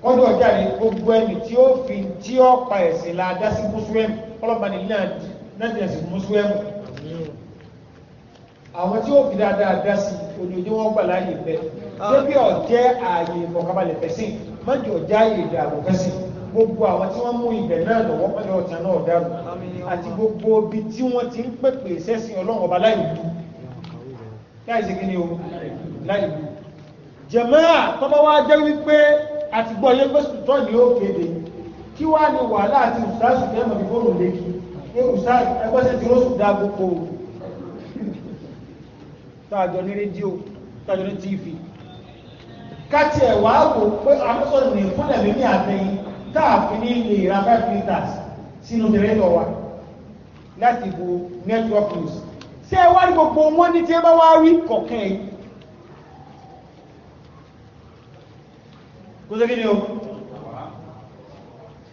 ọdún ọjà ní gbogbo ẹni tí ó fi tí ó pa ẹ̀sìn láadá sí mùsùlùmù kọ́lọ̀ bá nílẹ̀ náà ti ẹ̀sìn mùsùlùmù àwọn tí ó fi dáadáa dá sí ojoojúmọ́ gbà láàyè bẹ́ẹ̀ débi ọ̀jẹ́ ààyè ìfọ̀kànbalẹ̀ fẹ̀sìn mọ́jọ jáyè ìdààmú kẹsì gbogbo àwọn tí wọ́n mú ibẹ̀ náà lọ́wọ́ pẹ̀lú ọ̀tá náà dàrú àti gbogbo ibi tí wọ́n ti ń pèpè sẹ́sìn ọlọ́run ọba láì dù láì o láì dù jẹ̀máà tọ́bọ̀ wá jẹ́ wípé àti gbọ́ ilé gbèsè tọ́ ni ó kéde kí wá ní wàhálà àti ìsáàsù tẹ́ mọ̀ fífòrò lékì ní ìsáàsù ẹgbẹ́sẹ̀ tí ó sùn dá gbogbo tààjọ ní rédíò tààjọ ní tíìfì káti ẹ̀ wá wò pé amúsọ̀rọ̀ ní ìfúnlẹ̀ mímí àtẹ̀yìn táàfin ní ilé ìra five litres sínú jẹrẹtọ̀ wa láti bo network news ṣé ẹ wá ní gbogbo wọn ní tí ẹ bá wá rí kọ̀ọ̀kan yìí kó sókè ni o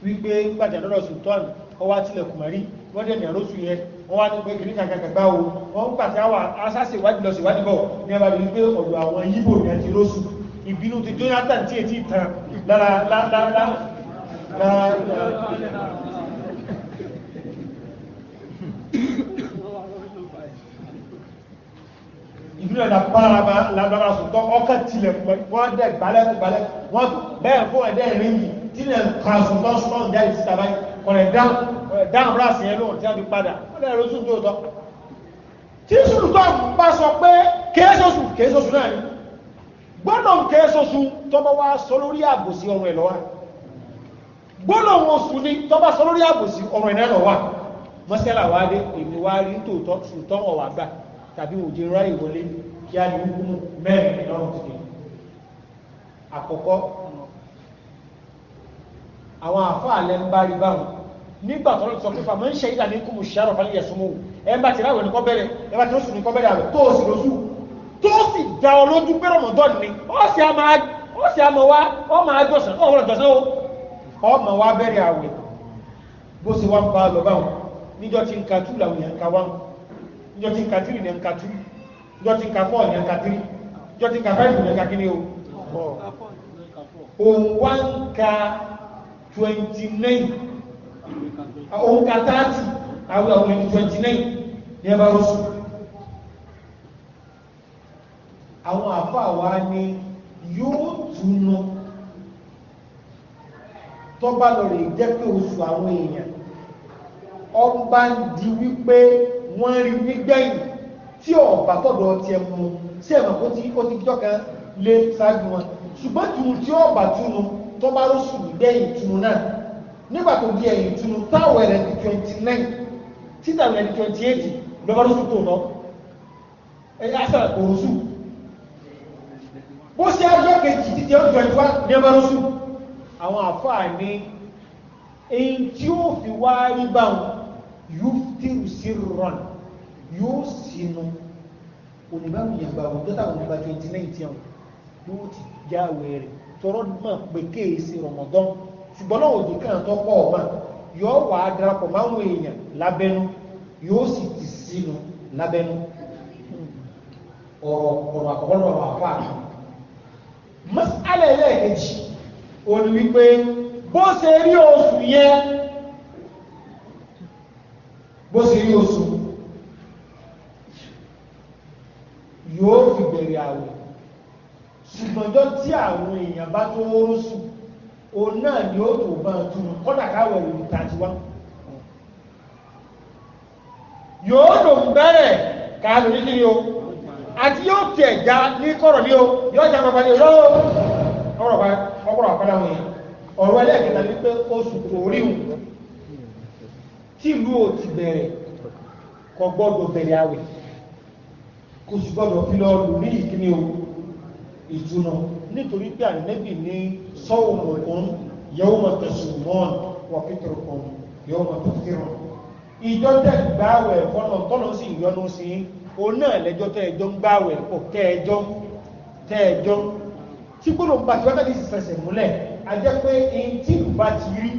wípé gbàjà lọ́dọ̀ sultan ọwọ́ àtìlẹ̀kùn mọ́rí wọ́n dẹ̀ ní àrósù yẹn wọ́n wá ní pé kìíní kàkàgbà o wọ́n ń pàṣẹ àwọn asásèwádìí lọ síwádìí bọ̀ ní ẹbàbí wípé ọ̀dọ̀ àwọn yíbò ní àti ìbínú ti Jonathan tí ètí ìtàn lára lára ìbílẹ̀ ìdá pàràbà lábára sọ̀tọ́ ọkà tilẹ̀ wọ́n dẹ̀ gbálẹ́kù gbálẹ́kù wọ́n bẹ́ẹ̀ fún ẹ̀dẹ́ ìrìn yìí tí lẹ̀ kà sọ̀tọ́ sọ̀tọ́ jáde síta báyìí kọ̀rẹ̀ dáhùn ráàsì ẹ̀ lóhùn tí a ti padà wọ́n dẹ̀ rẹ̀ sùn tó tọ́ tí sùn tó pé kéésòsù kéésòsù náà ni gbọ́nà ń kẹ́ sọ́sù tọ́bọ́ wá sọ lórí àbòsí ọrùn ẹ̀ lọ́wọ́ gbọ́nà wọn sùn ní tọ́bọ́ sọ lórí àbòsí ọrùn ẹ̀ lọ́wọ́ mọ́sẹ́là wá dé èmi wá rí tòótọ́ sùtọ́ wọn wà gbà tàbí òjò ráyè wọlé kí a lè wúkú mẹ́rin lọ́rùn tìkì àkọ́kọ́ àwọn àfáà lẹ ń bá rí báwọn nígbà tọ́lọ́ sọ pé fàmọ́ ń ṣe ìdá ní kùmù ṣàrọ̀ fàlẹ́ yẹ̀ súnmọ́ ẹ̀ ń bá ti ráwẹ̀ ní kọ́ bẹ̀rẹ̀ ẹ̀ bá ti rọ́sùn ní tó sì dá ọ lójú pé rọmọdọ́nù ni ó sì á máa ó sì á máa wá ó máa jọ̀sán ó wọ́n jọ̀sán o ó máa wá bẹ̀rẹ̀ àwẹ̀ bó ṣe wá ń bá lọ báwọn níjọ́ tí ń ka tú làwọn èèyàn ka wá níjọ́ tí ń ka tírì ní ń ka tú níjọ́ tí ń ka fọ́ọ̀ ní ń ka tírì níjọ́ tí ń ka fáìlì ní ń ka kíní o òun wá ń ka twenty nine òun ka thirty àwọn àwọn twenty nine ní ẹ bá rọ sùn àwọn àfáà wa ni yóò túnú tó bá lọ rè jẹ́ pé oṣù àwọn èèyàn ọba ń di wípé wọ́n rí nígbẹ̀yìn tí ọ̀bà tọ̀dọ̀ ti ẹ̀ mú sí ẹ̀mọ̀ kó ti ó ti jọ́ kan lé ṣáájú wọn ṣùgbọ́n tùnú tí ọ̀bà túnú tó bá lóṣù nígbẹ̀yìn túnú náà nígbà tó di ẹ̀yìn túnú táwọn ẹ̀rẹ̀ di twenty títà ẹ̀rẹ̀ di twenty eight lọ́wọ́ lóṣù tó lọ ẹ̀yà sàkóso ó sì ajọ́ kejì títí ọjọ́ ìwá ní ọmọ àwọn àfáà ní èyí tí ó fi wá rí báwọn yóò tìrù sí rọ̀n yóò sínú oníbàmù yàgbà àwọn dọ́tà oníbà 2019 yóò ti jáwé rẹ̀ tọrọ mọ̀ pé kéèsì rọmọdán ṣùgbọ́n òjì kan tó pọ̀ ọ̀mà yóò wà á darapọ̀ máwọn èèyàn lábẹ́nu yóò sì ti sínú lábẹ́nu ọ̀rọ̀ àkọ́kọ́ lọ́rọ̀ àfáà mas'ala ẹlẹ́ẹ̀kejì ó ní wípé bó rí oṣù yẹn bó yoo rí oṣù yóò fi bẹ̀rẹ̀ tí àwọn èèyàn bá tó wóró sùn òun náà ni ó tó bá kọ́dà tàbí wá àti yóò tẹ̀ já ní kọ̀rọ̀ ní o yóò já máa bá ní ọ̀rọ̀ ọ̀rọ̀ bá ọkọ̀rọ̀ àpárá wọn yẹn ọ̀rọ̀ ẹlẹ́ẹ̀kẹta ní pé oṣù tó rí wù tìlú ò ti bẹ̀rẹ̀ kò gbọ́dọ̀ bẹ̀rẹ̀ àwẹ̀ kò sì gbọ́dọ̀ fi lọ lù ní ìkíní o ìtúná nítorí pé ànẹ́bì òun náà lẹ́jọ́ tẹ́ ẹjọ́ ń gbáwẹ̀ pọ̀ tẹ́ ẹjọ́ tẹ́ ẹjọ́ tí gbọ́dọ̀ ń bá ti wákàtí sì fẹsẹ̀ múlẹ̀ a jẹ́ pé ẹni tí kò bá ti rí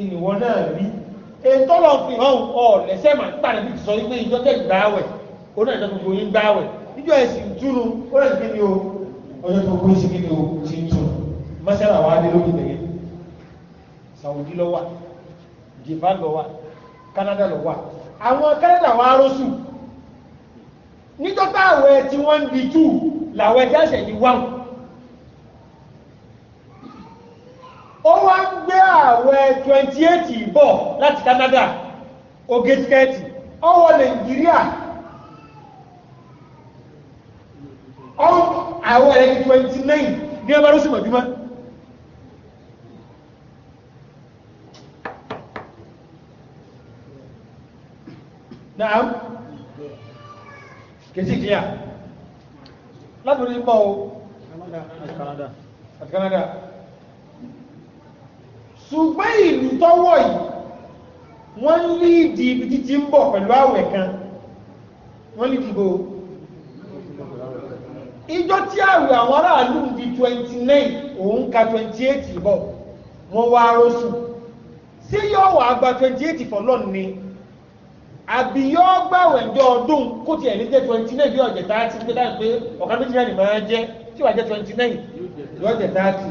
ìnìwọ́ náà rí ètò lọ fi hàn ọ lẹ́sẹ̀ máa ń tàbí sọ wípé ìjọ tẹ́ gbáwẹ̀ òun náà ìjọ gbogbo yín gbáwẹ̀ ìjọ ẹ̀sìn túnu ó rẹ̀ kí ni o ọjọ́ tó gbé sí kí ni o ti ń tún mọ́sálà wa dé lórí ìbẹ̀rẹ̀ Saudi lọ wà Japan lọ wà Canada lọ wà àwọn Canada wa rọ́sùn níjọ́ táwẹ̀ tí wọ́n ń bi jù làwẹ̀ dáṣẹ̀ yìí wà ó wá ń gbé àwẹ̀ 28 bọ̀ láti Canada oge tíkẹ́ẹ̀tì ọwọ́ Nigeria. àwẹ̀ rẹ̀ 29 ní ẹgbẹ́ ló sì mọ̀ jùmọ́ kèsì kíyà látòrí bọ́ o àti Canada ṣùgbọ́n ìlú tọ́wọ́ yìí wọ́n lè di ibi títí ń bọ̀ pẹ̀lú àwẹ̀ kan wọ́n lè dìbò ìjọ tí àwẹ̀ àwọn aráàlú di 29 òun ka 28 bọ̀ wọ́n wá rọ́sùn sí yóò wà gba 28 fọ́lọ́n ni àbí yọ́ gbàwẹ̀ ǹjọ́ ọdún kó tiẹ̀ ní jẹ́ twenty nine bí ọ̀jẹ̀ tààtì gbé dáhùn pé ọ̀kan méjì náà ni máa jẹ́ tí wàá jẹ́ twenty nine lọ́jẹ̀ tààtì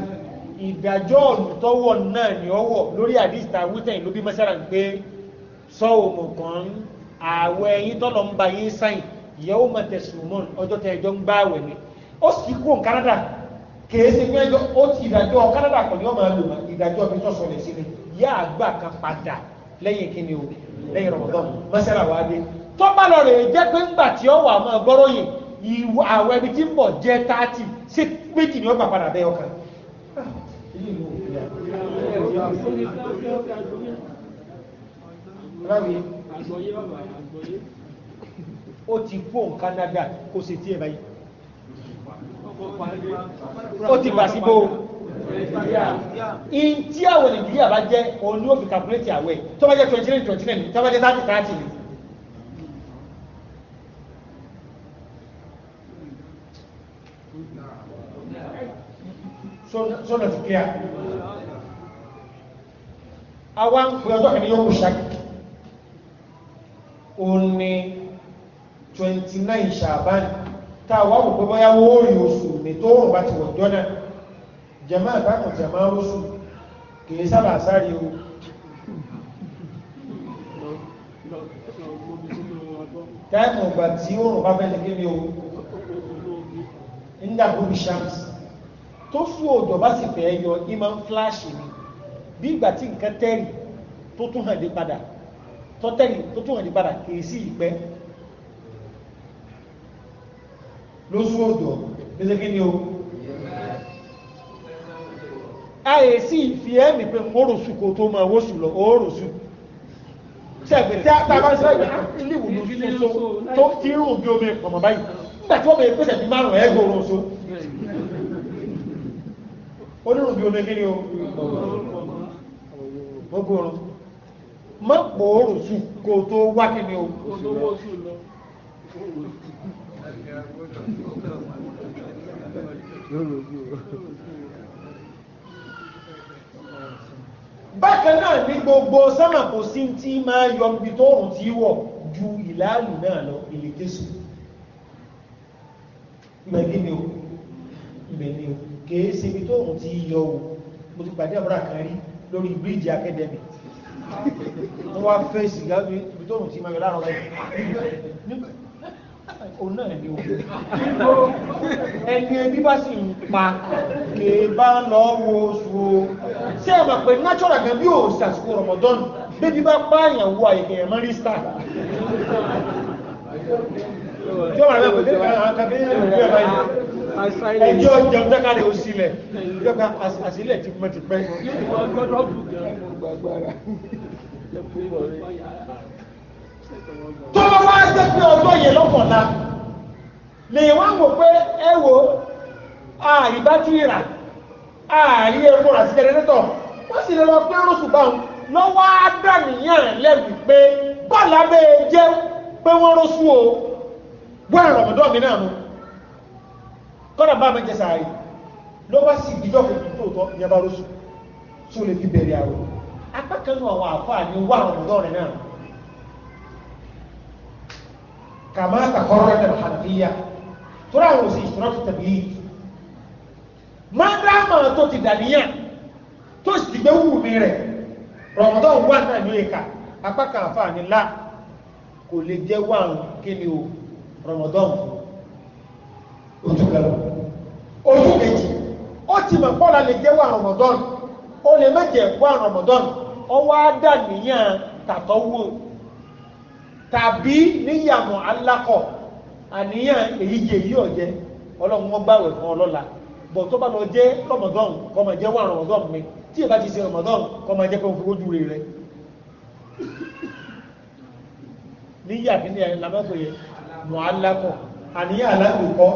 ìdájọ́ olùtọ́wọ̀ náà ni ó wọ̀ lórí àdìs ta wítẹ̀ ìlú bí mẹ́sàrà ń pé sọ òmù kan ààwẹ̀ yín tọ́lọ̀ ń ba yín sáyìn ìyàwó máa tẹ̀sùn mọ́ ọjọ́ tẹ ẹjọ́ ń bá àwẹ̀ ni ó sì kú òun Canada kìí ṣe pé ẹjọ́ ó ti ìdájọ́ Canada kan ni wọ́n máa lò ìdájọ́ mi tọ́sọ̀rọ̀ sí yá àgbà kan padà lẹ́yìn kí ni o lẹ́yìn rọ̀mọ̀tọ́ mọ́sálà dé lọ jẹ́ pé ńgbà tí wà yìí àwọn ẹbí tí ń bọ̀ jẹ́ táàtì sí méjì ni ó gbà ti kú kó ti bà síbò. in tí àwẹ̀ nàìjíríà bá jẹ́ òun ni calculate àwẹ̀ tó bá jẹ́ 29, 29, twenty nine tó bá jẹ́ thirty sọ́nà ti clear àwa ń pè ọjọ́ kìíní yóò ṣáàkì òun ni twenty nine ṣàbán tá a wá wò pé oṣù ní tó bá ti wọ̀ jọ́nà jẹmọ́ àbámọ̀ jẹmọ́ oṣù kìí sábà sáré o táìmù ọgbà tí oòrùn bá fẹ́ lẹ́gbẹ́ ní o ndàgbòmí shams tó fún òjò bá sì fẹ́ yọ ìmọ̀ ń fláṣì ni bí ìgbà tí nǹkan tẹ́rì tó tún hàn dé padà tó tẹ́rì tó tún hàn dé padà kìí sí ìpẹ́ lóṣù òjò bí lẹ́gbẹ́ ní o ayé sí ìfi ẹ̀mí pé oòrùsù kò tó máa wóṣù lọ oòrùsù sẹ́gbẹ̀ tí a bá ń sẹ́gbẹ̀ ilé ìwòlò soso tó ti rú òbí omi ọmọ báyìí nígbà tí wọ́n bẹ̀rẹ̀ pèsè bí márùn-ún ẹgbẹ̀ oòrùn kí ni o ọgọ́rùn má pọ̀ oòrùsù kò tó wá kí bákan náà ní gbogbo sánmà kò sí tí máa yọ ibi tó rùn tí wọ̀ ju ìlàlù náà lọ ilé jésù ibẹ̀ gíní o ibẹ̀ ní o kìí ṣe ibi tó rùn tí yọ o mo ti pàdé àbúrà kan rí lórí bíríjì akẹ́dẹ̀mì wọ́n wá fẹ́ sìgá ibi tó rùn tí máa yọ láàrọ̀ báyìí òun náà ni o ẹni ẹbí bá sì ń pa kì í bá lọ wo oṣù o ṣé ẹ mọ̀ pé natural kan bí òòsì àsìkò rọmọdọ́n bébí bá pààyàn wo àyẹ̀kẹ̀ ẹ̀ mọ́rí star jọba rẹ kò dé àwọn kan bí ẹgbẹ́ báyìí ẹjọ́ jẹun dákàlẹ ó sílẹ̀ ìjọba àsílẹ̀ ti mọ ti pẹ́ tó bá wá jẹ́ pé ọjọ́ yẹn lọ́kànlá lè wá wò pé ẹ wò ààrí bátìrì rà ààrí epo rà sí jẹrẹrétọ̀ wọ́n sì lè lọ pé rọ́ṣù bá wọn lọ́wọ́ á dànìyàn lẹ́bi pé bọ́ọ̀lù abẹ́ jẹ́ pé wọ́n rọ́ṣù o wọ́n ẹ̀rọ ọ̀dọ́ mi náà mú kọ́nà bá mi jẹ sàárì ló bá sì ìjọ kòkòrò tó tọ́ ìyẹn bá rọ́ṣù tó lè fi bẹ̀rẹ̀ àrò apá kan náà àwọn àfáà ní wà ọ̀dọ́ rẹ̀ náà كما تقرر الحنفية ترى هو سي اشتراط التبليغ ما دام تو تدانيا تو سيبو ميره رمضان wà náà ní ẹ̀ka apá kan àfààní ńlá kò lè jẹ́ wà o rọmọdán ojú kan ojú kejì ó ti mọ̀ pọ́lá lè jẹ́ wà rọmọdán ó lè má jẹ́ wà rọmọdán ọwọ́ á dà níyàn tàbí níyàmọ̀ alákọ̀ àníyàn èyí jẹ èyí ọ̀jẹ́ ọlọ́run wọn gbàwẹ̀ fún ọlọ́la bọ̀ tó bá lọ jẹ́ rọmọdọ́n kọmọ jẹ́ wọn rọmọdọ́n mi tí ẹ bá ti ṣe rọmọdọ́n kọmọ jẹ́ pé ó fowó ju rẹ̀ níyà kí ni ẹ̀ lamẹ́kọ̀ọ́ yẹ mọ̀ alákọ̀ àníyàn alákọ̀ọ́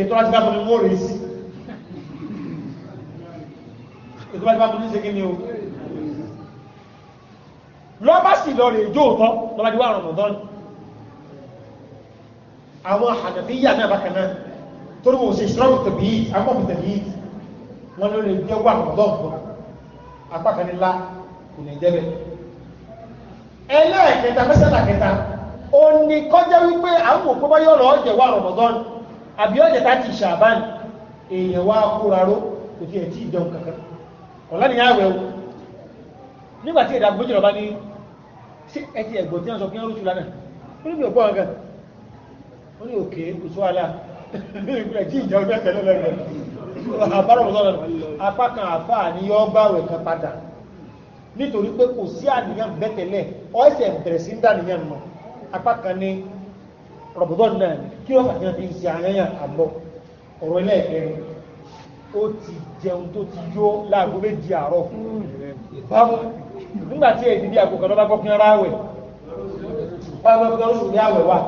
ètò àti bábọ̀ ni wọ́n rèé sí ètò àti bábọ̀ ni ṣe kí ni o lọ́bá sì lọ rè jó òtọ́ lọ́bá di wá Ramadan àwọn àdàbíyà náà bákan náà torí wọ́n sì ṣọ́rọ̀ tẹ̀bí akọ́bù tẹ̀bí wọn ló lè jẹ́ wà Ramadan fún apákan ńlá kò ní jẹ́ bẹ́ẹ̀ ẹlẹ́ẹ̀kẹta mẹ́sàlá kẹta ó ní kọjá wípé àwọn òpó bá yọ̀rọ̀ ọ̀jẹ̀ wà Ramadan àbí ọ̀jẹ̀ tá ti ṣàbán èèyàn wá kóra ró kò ni àwẹ̀ o nígbà tí ìdàgbòjì ṣé ẹ ti ẹ̀gbọ́n tí wọ́n sọ pé wọ́n rúṣù lánàá ó ní mi ò gbọ́ ọ̀gá ó ní òkè kò sọ àlà ìpínlẹ̀ tí ìjà ọdún ẹ̀fẹ̀ lọ́lọ́rọ̀ àbárọ̀ lọ́lọ́rọ̀ apá kan àfáà ni yọ́ bá rẹ̀ kan padà nítorí pé kò sí àníyàn bẹ́tẹ̀lẹ̀ ọ̀ẹ́sẹ̀ bẹ̀rẹ̀ sí ń dàníyàn mọ́ apá kan ní rọ̀bọ̀dọ̀ náà kí ó ti jẹun tó ti yó láàgó méjì àárọ̀ mm. báwọn nígbà tí èyí di àkókò lọ́ba gbọ́ pín ara àwẹ̀ báwo lọ́ba lọ́sùn ní àwẹ̀ wa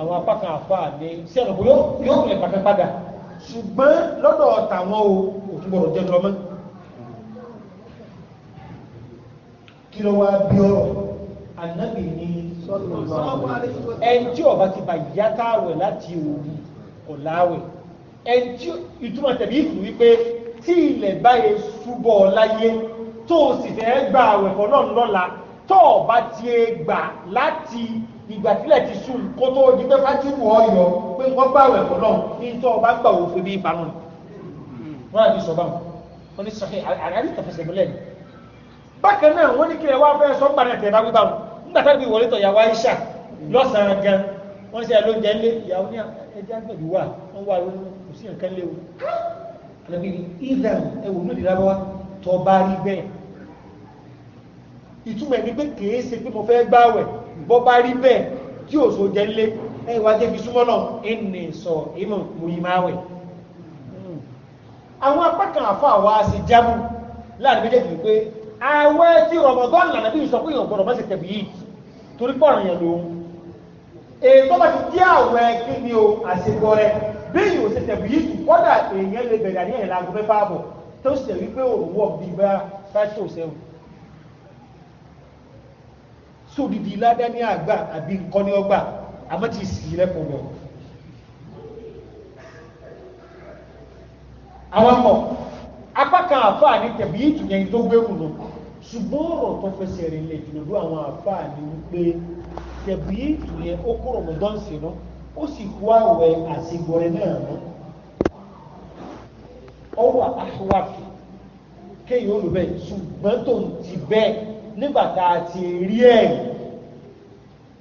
àwọn apá kan àfa ní sí ẹ̀rọ yóò yóò lè pàtẹ́ padà ṣùgbọ́n lọ́dọ̀ tàwọn o òtún gbọ́dọ̀ jẹ́ lọ́mọ́ kí ló wá bí ọ̀rọ̀ ànábì ní ẹni tí ọba ti bà yàtá àwẹ̀ láti òru ọ̀làwẹ̀ ẹni tí ìtumọ̀ tẹ̀lé ìfún wípé tí ilẹ̀ báyìí súbọ̀ láyé tó o sì fẹ́ gba àwẹ̀ fọlọ́run lọ́la tó o bá ti e gbà láti ìgbà tílẹ̀ ti sùn kó tó o di pé fájúmù ọyọ pé wọ́n gba àwẹ̀ fọlọ́run ní tó o bá gbà wò fún bí ìbánu ni wọ́n àti sọ báwọn wọ́n ní sọ́kè àdáyé tẹ̀fẹ̀sẹ̀ múlẹ̀ ni. bákan náà wọ́n ní kí ẹ wá fẹ́ sọ gbàdá tẹ̀ bá wíwá nígbà tá a bí wọlé tọ̀ yàwá iṣà lọ́sàn-án gan wọ́n ṣe lóúnjẹ ńlé ìyàwó ní ẹjẹ́ àgbẹ̀bí wà wọ́n wà lóhun kò sí nǹkan léwu. àlọ́ bíi ìdá ẹ̀wò ní ìdílábọ́wá tọ́ bá rí bẹ́ẹ̀ ìtumọ̀ ẹni pé kìí ṣe pé mo fẹ́ gbáwẹ̀ bọ́ bá rí bẹ́ẹ̀ tí ò so jẹ́ lé ẹ̀yìn wá débi súnmọ́ náà ẹnì sọ ìmọ̀ mo yí máa wẹ̀. àwọn apá kan àfa wa ṣe jábù láàrin méjèèjì pé àwẹ̀ tí Ramadan lànà bí ìsọkú ìyàn gbọdọ̀ mọ́sẹ̀ tẹ̀bí yìí torí pọ̀rọ̀ yẹn lòun. ètò bá ti dí àwẹ̀ kí ni o àṣepọ̀ rẹ bí yìí ò ṣe tẹ̀bí yìí kọ́dà èèyàn lè bẹ̀rẹ̀ àníyàn ìlàgọ́ mẹ́fà àbọ̀ tó ṣe wípé òwò bíi bá five to seven tí òdìdí ládá ní àgbà àbí nǹkan ní ọgbà àmọ́ ti sì lẹ́kọ̀ọ́ bọ̀. àwọn ọmọ apá kan àfáà ní tẹ̀bí ìtùyẹn tó gbéwù lọ ṣùgbọ́n ọ̀rọ̀ tó fẹsẹ̀ rìn lè jùlọ àwọn àfáà ní wípé tẹ̀bí ìtùyẹn ó kúrò mọ́dọ́ sí náà ó sì kú àwẹ̀ àṣegbọ̀rẹ̀ náà mọ́ ọwọ́ àṣewàfẹ́ kéèyàn olùbẹ̀ ṣùgbọ́n tó ti bẹ́ẹ̀ nígbà tá a ti rí ẹ̀yìn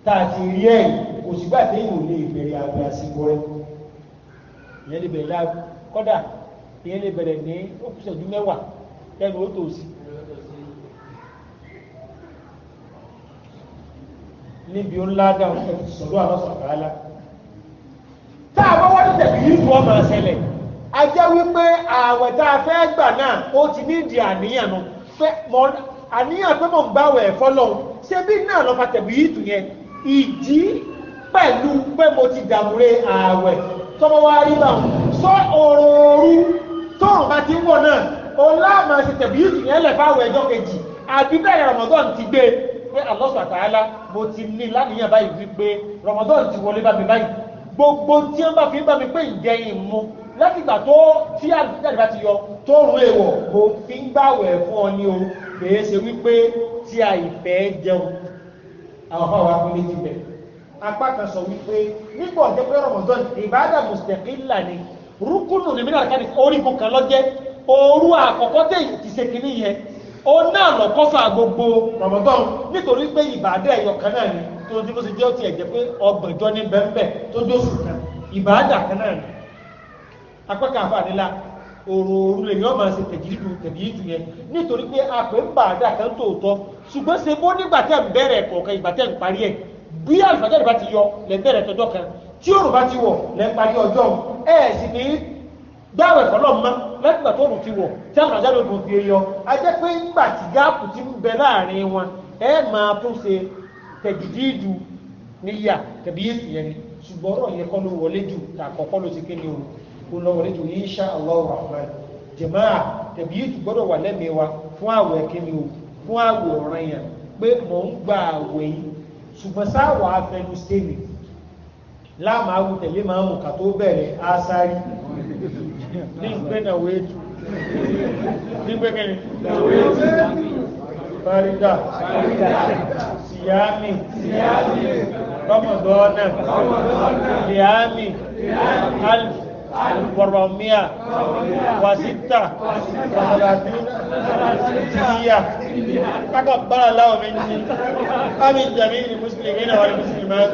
tá a ti rí ẹ̀yìn kò sígbà téèyàn ò lè bẹ̀rẹ̀ àwẹ̀ àsìkò rẹ̀ ìyẹn lè bẹ̀rẹ̀ láàbù kọ́dà ìyẹn lè bẹ̀rẹ̀ ní òkúṣẹ́jú mẹ́wàá lẹ́nu ó tòsí. níbi ńlá dáhùn sọ̀rọ̀ àlọ́sọ̀kàálá tá a bá wá ní yìí tó ọmọ ṣẹlẹ̀ a jẹ́ wípé ààwẹ̀ tá a fẹ́ gbà náà ó ti ní ìdí àníyàn nu pé mọ́ àníyàn pé mò ń báwẹ̀ ẹ̀fọ́ lọ́hùn ṣé bí náà lọ́ba tẹ̀bí ìtù yẹn ìdí pẹ̀lú pé mo ti dàmúre ààwẹ̀ tọ́mọ wá rí bá wọn sọ òròòrú tóun bá ti ń wọ̀ náà ọlá máa ṣe tẹ̀bí ìtù yẹn lẹ̀ fáwọ̀ ẹjọ́ kejì àbí bẹ́ẹ̀ Ramadan ti gbé pé Allah Ta'ala mo ti ní láníyàn báyìí wípé Ramadan ti wọlé bá mi báyìí gbogbo tí wọ́n bá fi bá mi pé ìjẹyìn mu láti gbà tó tí àdìbá ti yọ tó rú èèwọ̀ mo fi ń gbàwẹ̀ fún ọ ní o kèé ṣe wípé tí a ìfẹ́ jẹun àwọn ọ̀hún wa kún méjì bẹ̀. apá kan sọ wípé nígbà ọ̀jẹ́ pé Ramadan ìbáàdà mustaqilla ni rúkúnù ní mílíọ̀nù kan ní orígun kan lọ́jẹ́ òru àkọ́kọ́ tẹ̀ ti ṣe kínní yẹn ó náà lọ kọ́fà gbogbo Ramadan nítorí pé ìbáàdà ẹ̀yọ̀ kan náà ni tó ti bó ṣe jẹ́ ó ti ẹ̀jẹ̀ pé ọgbọ̀njọ́ ní bẹ́ńbẹ́ tó dóṣù kan ìbáàdà kan náà ni apá àfààní èrò òru lè yọ́ máa ṣe tẹ̀jìlìdù tẹ̀jìlìdù yẹn nítorí pé àpè ń bà á dà kan tòótọ́ ṣùgbọ́n ṣe bó nígbà tẹ́ ń bẹ̀rẹ̀ kọ̀ọ̀kan ìgbà tẹ́ ń parí ẹ̀ bí àlùfáàjáde bá ti yọ lẹ́ bẹ̀rẹ̀ tọjọ́ kan tí òrùn bá ti wọ̀ lẹ́ ń parí ọjọ́ ẹ̀ sì ní gbáwẹ̀ fọlọ́ mọ́ lẹ́gbà tó òrùn ti wọ̀ tí àlùfáàjáde òrùn ti yọ a jẹ́ pé ńgbà ṣùgbọ́n ọ̀rọ̀ yẹn kọ́ ló wọlé jù tàkọ́kọ́ ló ti kéde òrùn kó lọ́wọ́ nítorí insha allah rahman jamaa tẹ̀bí yìí gbọ́dọ̀ wà lẹ́mìí wa fún àwẹ̀ kíni o fún àwẹ̀ ọ̀ràn yẹn pé mò ń gba àwẹ̀ yìí ṣùgbọ́n sáwà afẹnu sẹ́mi láàmú àwọn tẹ̀lé máa mú kà tó bẹ̀rẹ̀ ní ìpẹ́ náà wé tu ní pé kí ni farida siyami rọmọdọ́nà liyami alf واربعمائة وستة وثلاثين سنية تقبل الله مني ومن جميع المسلمين والمسلمات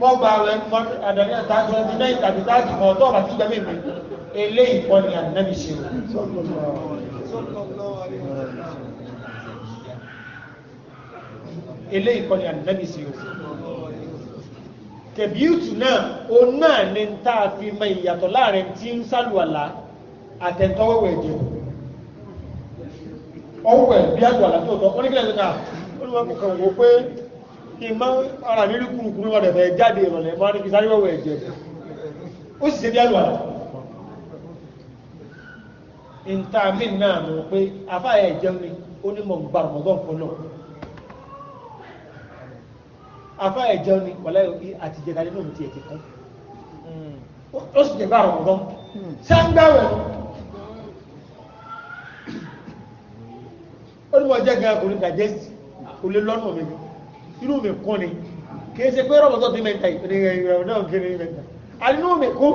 Wọ́n gba àwọn ẹ̀kọ́ àdàní àtàkùn ẹ̀dínlẹ́yìn tàbí táàkì kan tó ọ̀bà sí jẹ́ mímí eléyìí kọ́ ni ànábì ṣe o. eléyìí kọ́ ni ànábì ṣe o. tẹ̀bíùtù náà òun náà ni ń tá a fi mọ ìyàtọ̀ láàrin tí ń sálùwàlá àtẹ̀ntọ́wẹ̀wẹ̀ jẹ́ ọwọ́ bí àgbàlá tó tọ́ oníkìlẹ̀ ó sì ṣe bí àgbàlá ntaamin náà nù pé afáyà ìjẹun ni ó ní mọ̀ ń gba rọ̀mọ́dọ́n fún lọ. afáyà ìjẹun ni wàlá àtijẹ́ta nínú mi tiẹ̀ ti kún ó sì jẹ́ bá rọ̀mọ́dọ́n sáńgbàwẹ̀ ó ní wọ́n jẹ́ gan kò ní digest kò lè lọ́nà mi inú mi kún ni kì í ṣe pé rọ̀mọ́dọ́n ti mẹ́ta ìpínlẹ̀ ìrẹ̀wọ̀n náà kiri mẹ́ta àdínú mi kún.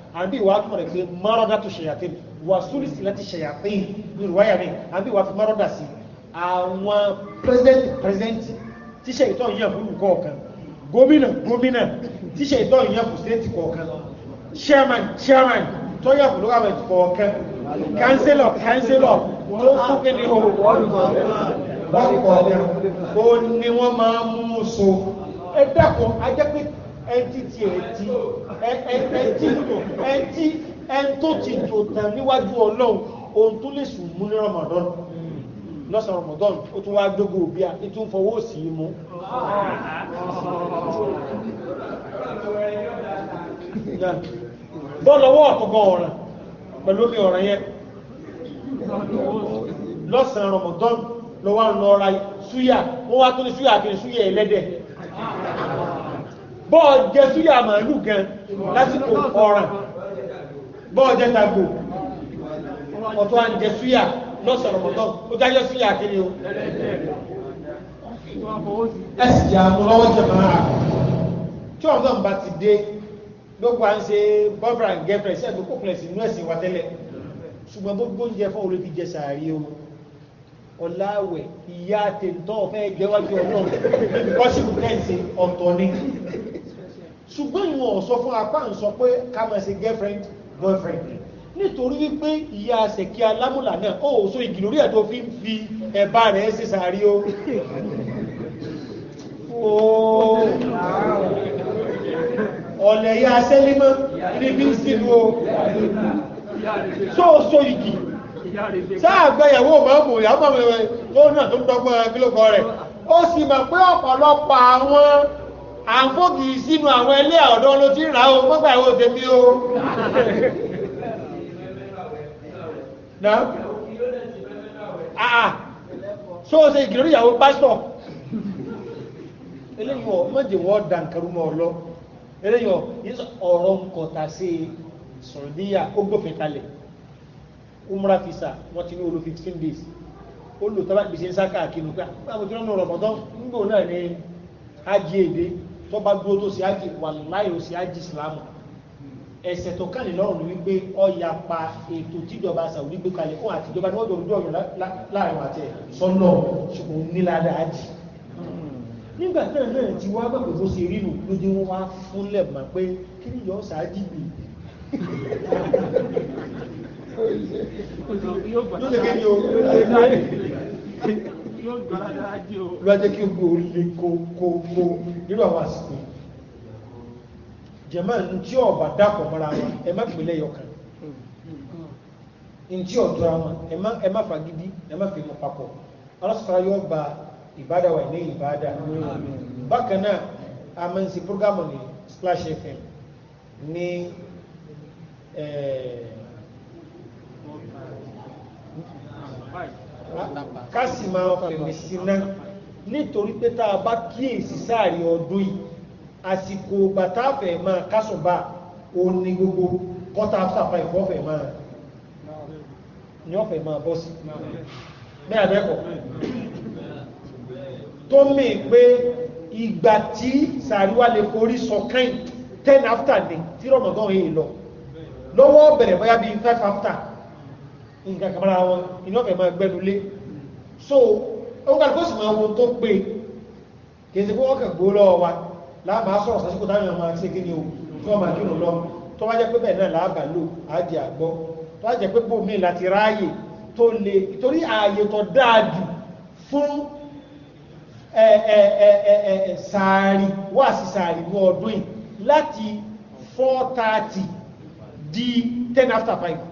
àbí ìwà tó rẹ̀ pé márọ́dá tó ṣèyàtẹ́ wà súlìsì láti ṣèyàtẹ́ ìrùwáyà mi àbí ìwà fi márọ́dà sí àwọn president president tíṣe ìtọ́ ìyẹn fún olùkọ́ ọ̀kan gómìnà gómìnà tíṣe ìtọ́ ìyẹn fún state kọ̀ọ̀kan chairman chairman tó yẹ fún lókàwẹ̀ kọ̀ọ̀kan councillor councillor tó fún kéde ohun báyìí kọ̀ọ̀kan ó ní wọ́n máa mú so ẹ dákun ajẹ́pẹ́ ẹntìtì ẹntì ẹntì ẹntì ẹntò ti jò tàn níwájú ọlọ́run ohun tó lè sùn mú ní Ramadan lọ́sàn Ramadan ó tún wá gbogbo òbí a tún fọwọ́ sí i mú. bọ́ọ̀lù ọwọ́ ọ̀kọ̀ọ̀kan ọ̀ràn pẹ̀lú omi ọ̀ràn yẹn lọ́sàn Ramadan lọ́wọ́ ń lọ ra súyà wọ́n wá tó ní súyà kiri súyà ẹlẹ́dẹ̀ bọ́ọ̀ jẹ súyà màálù gan lásìkò ọ̀ràn bọ́ọ̀ jẹ tàgbò ọ̀tọ́ à ń jẹ súyà lọ́sọ̀rọ̀ mọ́tọ́ ó dájọ́ súyà kiri o. ẹ sì yà mú lọ́wọ́ jẹ máa tí ọ̀rọ̀ náà bá ti dé gbogbo à ń ṣe bọ́bra and gẹ́fẹ̀rẹ̀ sí ẹ̀dùn kókùnlẹ̀ sí inú ẹ̀sìn wa tẹ́lẹ̀ ṣùgbọ́n gbogbo oúnjẹ fún olóbi jẹ sàárì o ọ̀làwẹ̀ ìyá àtẹ̀ntọ́ ọ̀fẹ́ jẹ́wájú ọlọ́run kọ́sìkù tẹ̀sí ọ̀tọ̀ ni ṣùgbọ́n ìwọ̀n ọ̀sọ́ fún apá ń sọ pé ká máa ṣe girlfriend boyfriend nítorí wípé ìyá àṣẹ̀kí alámùlà náà ó sọ igi lórí ẹ̀ tó fi ń fi ẹ̀bá rẹ̀ ṣe sàárì o. ọ̀lẹ̀ ìyá sẹ́límọ́ níbi ń sínú o sóòsó igi sáà gbẹ̀yàwó màmú ìyá màmú ẹ̀ tó náà tó ń dọ́gbọ́n kílókọ rẹ̀ ó sì mọ̀ pé ọ̀pọ̀lọpọ̀ àwọn à sínú àwọn ilé ọ̀dọ́ ló ti rà ó gbọ́gbà ìwé òde so ṣe ìyàwó pásítọ̀ eléyìí ọ lọ eléyìí sí sọ̀rọ̀díyà ó kalẹ̀ umra ti ní days gbèsè ń sá káàkiri nípa àwọn ń gbò náà ní tó bá dúró tó ṣe ájì wàláì ó ṣe ájì ìsìlámù ẹ̀sẹ̀ tó kàn lọ́rùn ni wípé ọ̀yà pa ètò tíjọba Saudi gbé kalẹ̀ fún àtijọba tí wọ́n jọ ojú ọ̀rọ̀ láàrin àti ẹ̀ sọ́nà ṣùgbọ́n nílada ájì nígbà náà náà ti wá gbàgbé bó ṣe rínu lójú wọn wá fúnlẹ̀ mọ̀ pé kí ni yọ ṣáájì bì yóò lè lọ́jẹ́ kí gbò lè kòkòkò nínú àwọn àsìkò jẹ́mọ́ ní tí ó bá dápọ̀ mọ́ra wọn ẹ má pèlẹ̀ yọkàn ní tí ó dọ́ra wọn ẹ má fagidi ẹ má fi mọ́ papọ̀ alásùfàá yóò gba ìbádà wà ní ìbádà bákan a máa ń ṣe ní Splash FM ní ẹ̀ẹ́ eh, ká sì máa fèmí síná nítorí pé tá a bá kíyèsí sáàrin ọdún yìí àsìkò bàtà fẹ́ máa kásùnbà òun ni gbogbo kọ́tà sáfà ìfọ́fẹ́ máa ni ọ̀fẹ́ máa bọ́ sí bẹ́ẹ̀ bẹ́ẹ̀kọ́ tó mì pé ìgbà tí sàríwá lè forí sọ kẹ́yìn ten after ni tí rọmọgán yìí lọ lọ́wọ́ bẹ̀rẹ̀ bóyá bíi five after nǹkan kàmàrà wọn iná ọ̀fẹ́ máa gbẹ́nu so ó kàrí kó sì máa wo tó pé kìí sí pé ọkà gbó lọ́wọ́ wa láàmà sọ̀rọ̀ sásìkò táwọn sàárì wà sí sàárì ní ọdún láti 4:30 di 10 after 5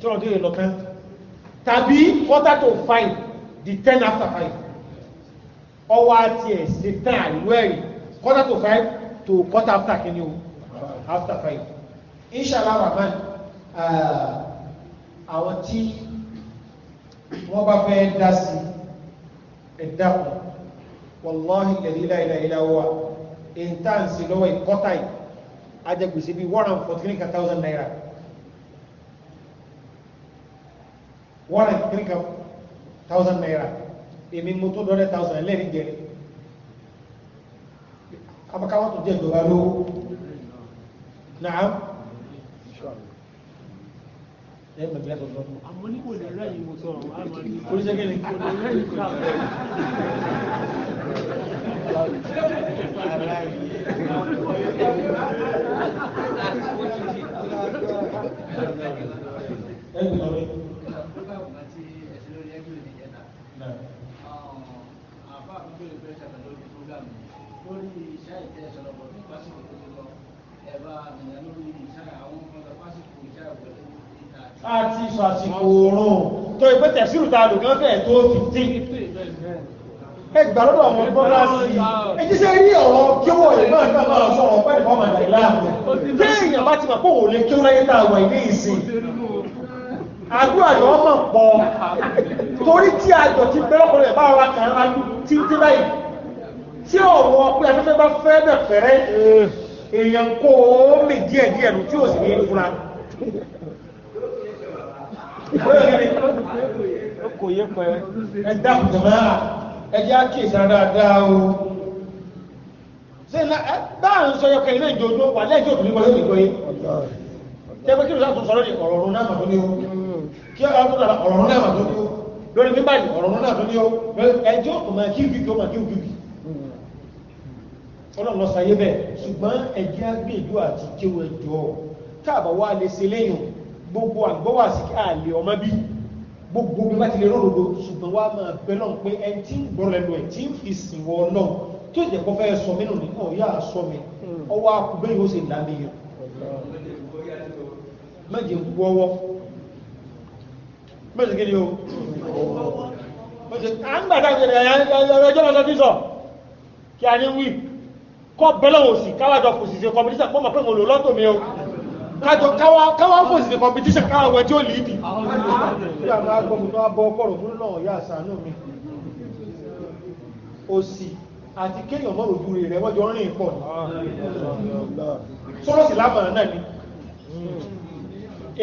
tí wọ́n dé lọ tán tàbí quarter to five di ten after five ọwọ́ àti ẹ̀ ṣe tán àríwá ẹ̀rí to five to quarter after kìíní o after five inshallah rahman uh, àwọn tí wọ́n bá fẹ́ dá sí ẹ̀dàkùn wàláhì lẹ́lẹ́lá ìlàílà wà lọ́wọ́ ìkọ́tà yìí ajẹgbèsè bíi naira wọ́n rẹ̀ kíríkà thousand naira èmi mo tó dọ́rẹ́ thousand lẹ́rìí jẹ abakawa tó jẹ ìjọba lówó náà Àwọn oníkò lè lẹ́yìn mo sọ̀rọ̀ wá máa ní. Oríṣẹ́ kí ni? Kò lè lẹ́yìn kò lórí iṣẹ́ ìtẹ̀sọ̀rọ̀pọ̀ ní pásítọ̀ tó ti lọ ẹ̀bá àmìyàn lórí iṣẹ́ àwọn ọmọdé pásítọ̀ iṣẹ́ ìwọlé a ti sọ àsìkò oòrùn tó ipé tẹ̀sírù ta lò kán fẹ́ tó fi dín ẹgbà lọ́dọ̀ àwọn bọ́lá sí ẹjíṣẹ́ rí ọ̀rọ̀ kí wọ́n lè náà nígbà máa sọ kí ó láyé tá àwọn ọmọ pọ̀ torí tí àjọ ti bẹ́rọ̀ pẹ̀lú ẹ̀bá kàn án tí ń dé báyìí tí ọ̀wọ́ pé afẹ́fẹ́ bá fẹ́ bẹ̀ fẹ́rẹ́ èèyàn kó o mì díẹ̀ díẹ̀ nù tí ò sì ní fura. kò yé pẹ́ ẹ dákun jọba ẹ jẹ́ àkíyèsí dáadáa o bá à ń sọ yọkẹ ilé ìjọjọ wà lẹ́jọ́ òbí wọlé òbí gbọ́yé tẹ́gbẹ́ kí ló sá tún sọ lórí ọ̀rọ̀ ọ̀run náà mà tó ní o kí ọ̀rọ̀ tó dára ọ̀rọ̀ ọ̀run náà mà tó ní o lórí bíbáyìí ọ̀rọ̀ ọ̀run náà tó ní o ẹjọ́ kò máa kí ìbí kí ó máa kí ìbí ọlọ́run lọ́sàn ayé bẹ́ẹ̀ ṣùgbọ́n ẹ̀jẹ̀ gbèjú àti kéwọ́ ẹ̀jọ́ táàbà wá lè ṣe lẹ́yìn gbogbo àgbọ́wà sí àlè ọmọ bí gbogbo bí wọ́n ti lè ròròdò ṣùgbọ́n wá máa bẹ́ lọ́n pé ẹ ti ń gbọ́ lẹ́nu ẹ̀ tí ń fi sìn wọ ọlọ́run tó jẹ́ kó fẹ́ sọ mí nù nínú ọ̀yá sọ mi hmm. ọwọ́ akùbẹ́ yóò ṣe lámì yàn mẹ́jẹ̀ ń gbọ́ ọwọ́ mẹ́jẹ̀ kí ni o mẹ́jẹ̀ à ń gbàdá ìjẹ̀rẹ̀ ẹ̀yà ẹjọ́ lọ́sọ́ tí sọ kí a ní wíì kọ́ bẹ́lọ̀wọ̀ sí káwàjọ fòsìsì competition pọ́ mọ̀ pé mo lò lọ́tò mi o kájọ káwà fòsìsì competition káwà wẹ̀ tí ó lìídì. òsì àti kéèyàn mọ́ ojú rẹ̀ wọ́n jọ rìn pọ̀ sọ́rọ̀ sí lámọ̀ràn náà ni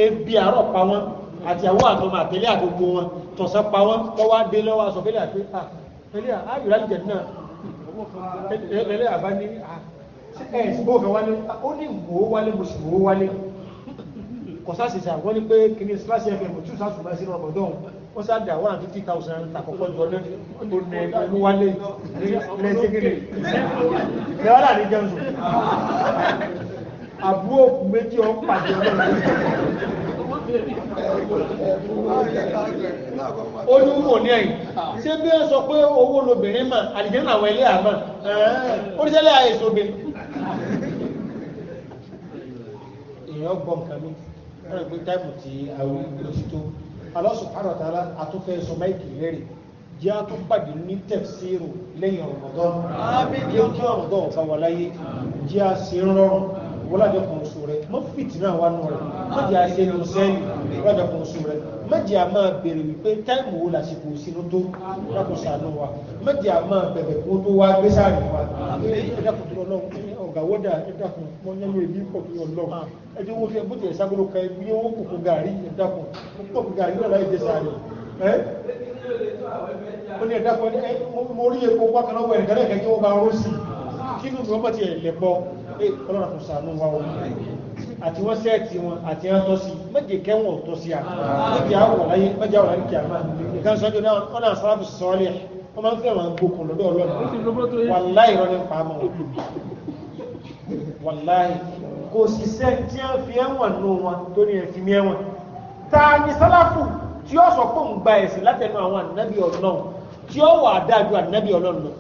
ebi àárọ̀ pa wọ́n àti àwọn àtọmọ àtẹlé àgbogbo wọn tọ̀sán pa wọ́n lọ́wọ́ dé lọ́wọ́ aṣọ fẹ́lẹ́ àti ah fẹ́lẹ́ àyùrá ìjẹ̀ náà ẹlẹ́ àbá ní ẹ̀sìn bóòfẹ́ wálé ah, ó ní wò ó wálé mo sì wò ó wálé kọ̀sá ṣèṣà wọ́n ní pé kí ni slash fm two thousand five zero ọ̀gbọ̀n dọ́hùn wọ́n sá dà one fifty thousand takọ̀kọ́ jọ ní ọ̀nà ìlú wálé lẹ́sẹ̀kẹ̀lẹ̀ lẹ́wọ́lá ní olùwò ní ẹ̀yìn ṣé bí ẹ sọ pé owó lobìnrin mà àdìjẹ́nà àwọn ilé àmà oríṣẹ́lẹ̀ àìsàn obìnrin èèyàn gbọ́ nǹkan mi wọ́n rẹ̀ pé táìmù ti àwọn olóṣìṣẹ́ Allah subhanahu wa ta'ala àtúnfẹ́ sọ máìkì lẹ́rìí jẹ́ àtúnpàdé ní tẹ̀síìrù lẹ́yìn ọ̀rọ̀mọ̀dọ́ jẹ́ kí ọ̀rọ̀mọ̀dọ́ ọ̀fà wà láyé jẹ́ àṣírọ́rùn wọ́n lájọ́ kan sùn rẹ̀ mọ́ fìtì náà wà náà rẹ̀ mọ́jì á ṣe inú sẹ́yìn rọ́jà kan oṣù rẹ̀ mọ́jì á máa bèrè wípé táìmù wo làṣepọ̀ sínú tó lákòó sànú wa mọ́jì á máa bẹ̀bẹ̀ kó tó wá gbé sáàrì wa ẹ̀dàkùn tó lọ́wọ́ ọ̀gá wọ́dà ẹ̀dàkùn mọ́ nínú ẹbí pọ̀ tó lọ́ ẹjọ́ wo fi ẹbùtẹ̀ ìṣàkóló ka ẹbí owó kòkó gàrí ẹ̀dàkùn pọ̀ gàrí náà láì jẹ sáàrì ẹ́ ó ní ẹ̀dàkùn ẹ̀ mo rí epo wákanáwó ẹ̀dàkùn ẹ̀kẹ́ kí wọ́n bá rọ́ sí kí nínú ọmọ ti ẹ̀ lẹ̀ bọ́ ọlọ́run wa àti wọ́n sẹ́ẹ̀tì wọn àti wọ́n tọ́sí méje kẹ́wọ̀n tọ́sí à ah. méje àwọn ọ̀láyé méje àwọn ọ̀láyé kìámà nǹkan sọ́jọ́ náà ọ̀nà àsáàbù sọ́ọ́lẹ̀ wọ́n máa ń fẹ́ wọn gbókun lọ́dọ̀ ọlọ́run wàláì rọ́ ní pa mọ́ wàláì kò síṣẹ́ tí wọ́n fi ẹ̀wọ̀n nù wọn tó ní ẹ̀fí mi ẹ̀wọ̀n ta ni sálàfù tí ó sọ pé òun gba ẹ̀sìn látẹnu àwọn ànábì ọlọ́run tí ó wà dájú ànábì ọlọ́run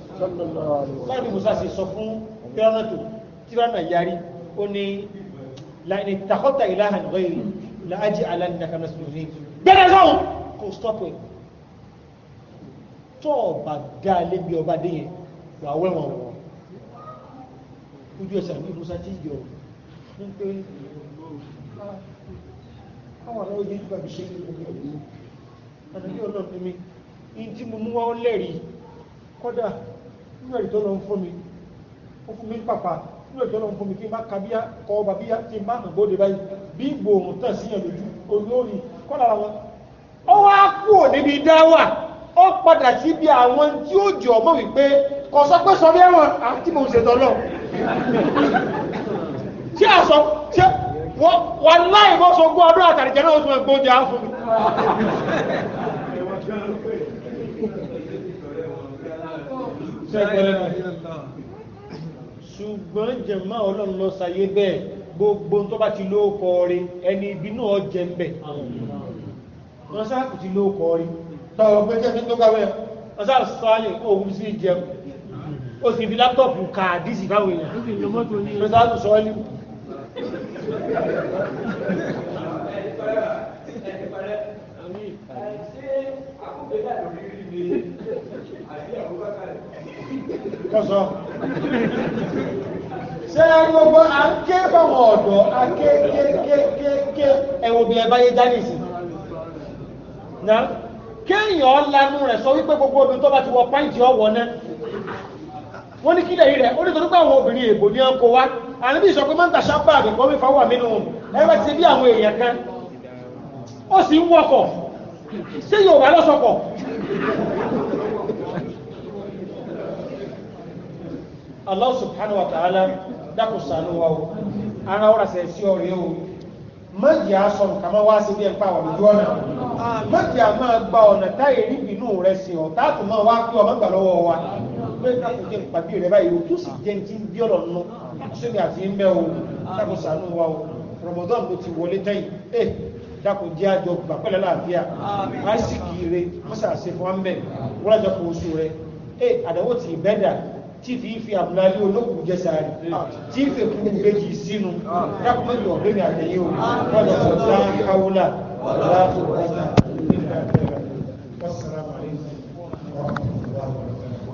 lọ láì sọ fún tírámẹ́tò tírámẹ́ yarí ó ní láìní takọ́ta ìlàhàn rẹ̀rì láàájì alánìyàkà mẹ́sùlùmí bẹ́rẹ̀ sọ́hùn kò stọ́pẹ̀ tó ọba dáa lébi ọba déyẹ wà wẹ́wọ̀n wọ̀ ojú ẹsẹ̀ ní ìmúsá tí yọ ń pé àwọn àwọn ojú ìgbà bí ṣe ń gbogbo ọdún àtàkì ọlọ́run ní mi in tí mo mú wá ó lẹ́rìí kọ́dà nígbà tó lọ ń fún mi ó fún mi pàpà nínú ìtọ́lọ̀ fún mi kí n bá ka bíyá kọ ọba bíyá tí n bá hàn bóde báyìí bí gbòòrùn tàn síyàn lójú olórin kọ́ lára wọn. ó wá kú ò níbi dáwà ó padà sí bí àwọn tí ó jọ ọmọ wípé kò sọ pé sọ bí ẹ̀wọ̀n àti mò ń ṣètò lọ. ṣé àṣọ ṣé wọn láì mọ́ sọ gbọ́ ọdún àtàlìjẹ náà tún ẹgbẹ́ oúnjẹ á fún mi. ṣé ẹ ṣùgbọ́n jẹ̀mọ́ ọlọ́run lọ sàyé bẹ́ẹ̀ gbogbo tó bá ti ló kọrin ẹni ibi náà jẹ ń bẹ̀ wọ́n sáàkù ti ló kọrin tọrọ pé jẹ́ tó gbáwẹ́ wọ́n sáà sọ ayé òun sí jẹun ó sì fi láptọ̀pù kàdí Kọ́sọ́ ṣé gbogbo à ń ké fáwọn ọ̀dọ́ à ń ké ké ké ké ké ẹ̀wọ̀n bí ẹ bá yé dání sí. Nà kéèyàn lanu rẹ̀ sọ wípé gbogbo obìnrin tó bá ti wọ pàǹtì ọ̀wọ́ náà. Wọ́n ní kílẹ̀ yìí rẹ̀ ó ní torí pé àwọn obìnrin èbò ní ọkọ̀ wa. Àní bí ìṣọ̀pẹ́ máa ń tàṣà bá àgbẹ̀kọ́ mi fáwọn àmínú wọn. Ẹ bá ti bí àwọn èèyàn kan. Ó sì ń wọkọ̀. Ṣé Yorùbá lọ́sọkọ̀? Allah subhanahu wa ta'ala dákò sànú wa o ara ọ̀rọ̀ sẹ̀ sí ọ̀rẹ́ o mọ́jì á sọ nǹkan máa wá sí bí ẹ̀pá ọ̀nà ojú ọ̀nà mọ́jì a máa gba ọ̀nà táyé níbinú rẹ̀ sí ọ̀ táàtù máa wá pé ọmọ gbà lọ́wọ́ wa a káàkó jẹ́ ìpàdé rẹ̀ báyìí o tó sì jẹ́ ní ti ń bí ọ̀rọ̀ nù sómi àti ń bẹ́ o dákò sànú wa o Ramadan ló ti wọlé tẹ́yìn eh dákò jẹ́ àjọ gbà pẹ́lẹ́ láàfíà àìsíkì rẹ̀ mọ́sàásì tí fi fi àbúlálé olókùn jẹ sáré ah. tí fi kún méjì sínú rákùnmọ́jù ah. ọ̀gbẹ́ni àtẹ̀yẹ́ o wọ́n lọ sọ̀tà àwùlà wọ́n lọ́wọ́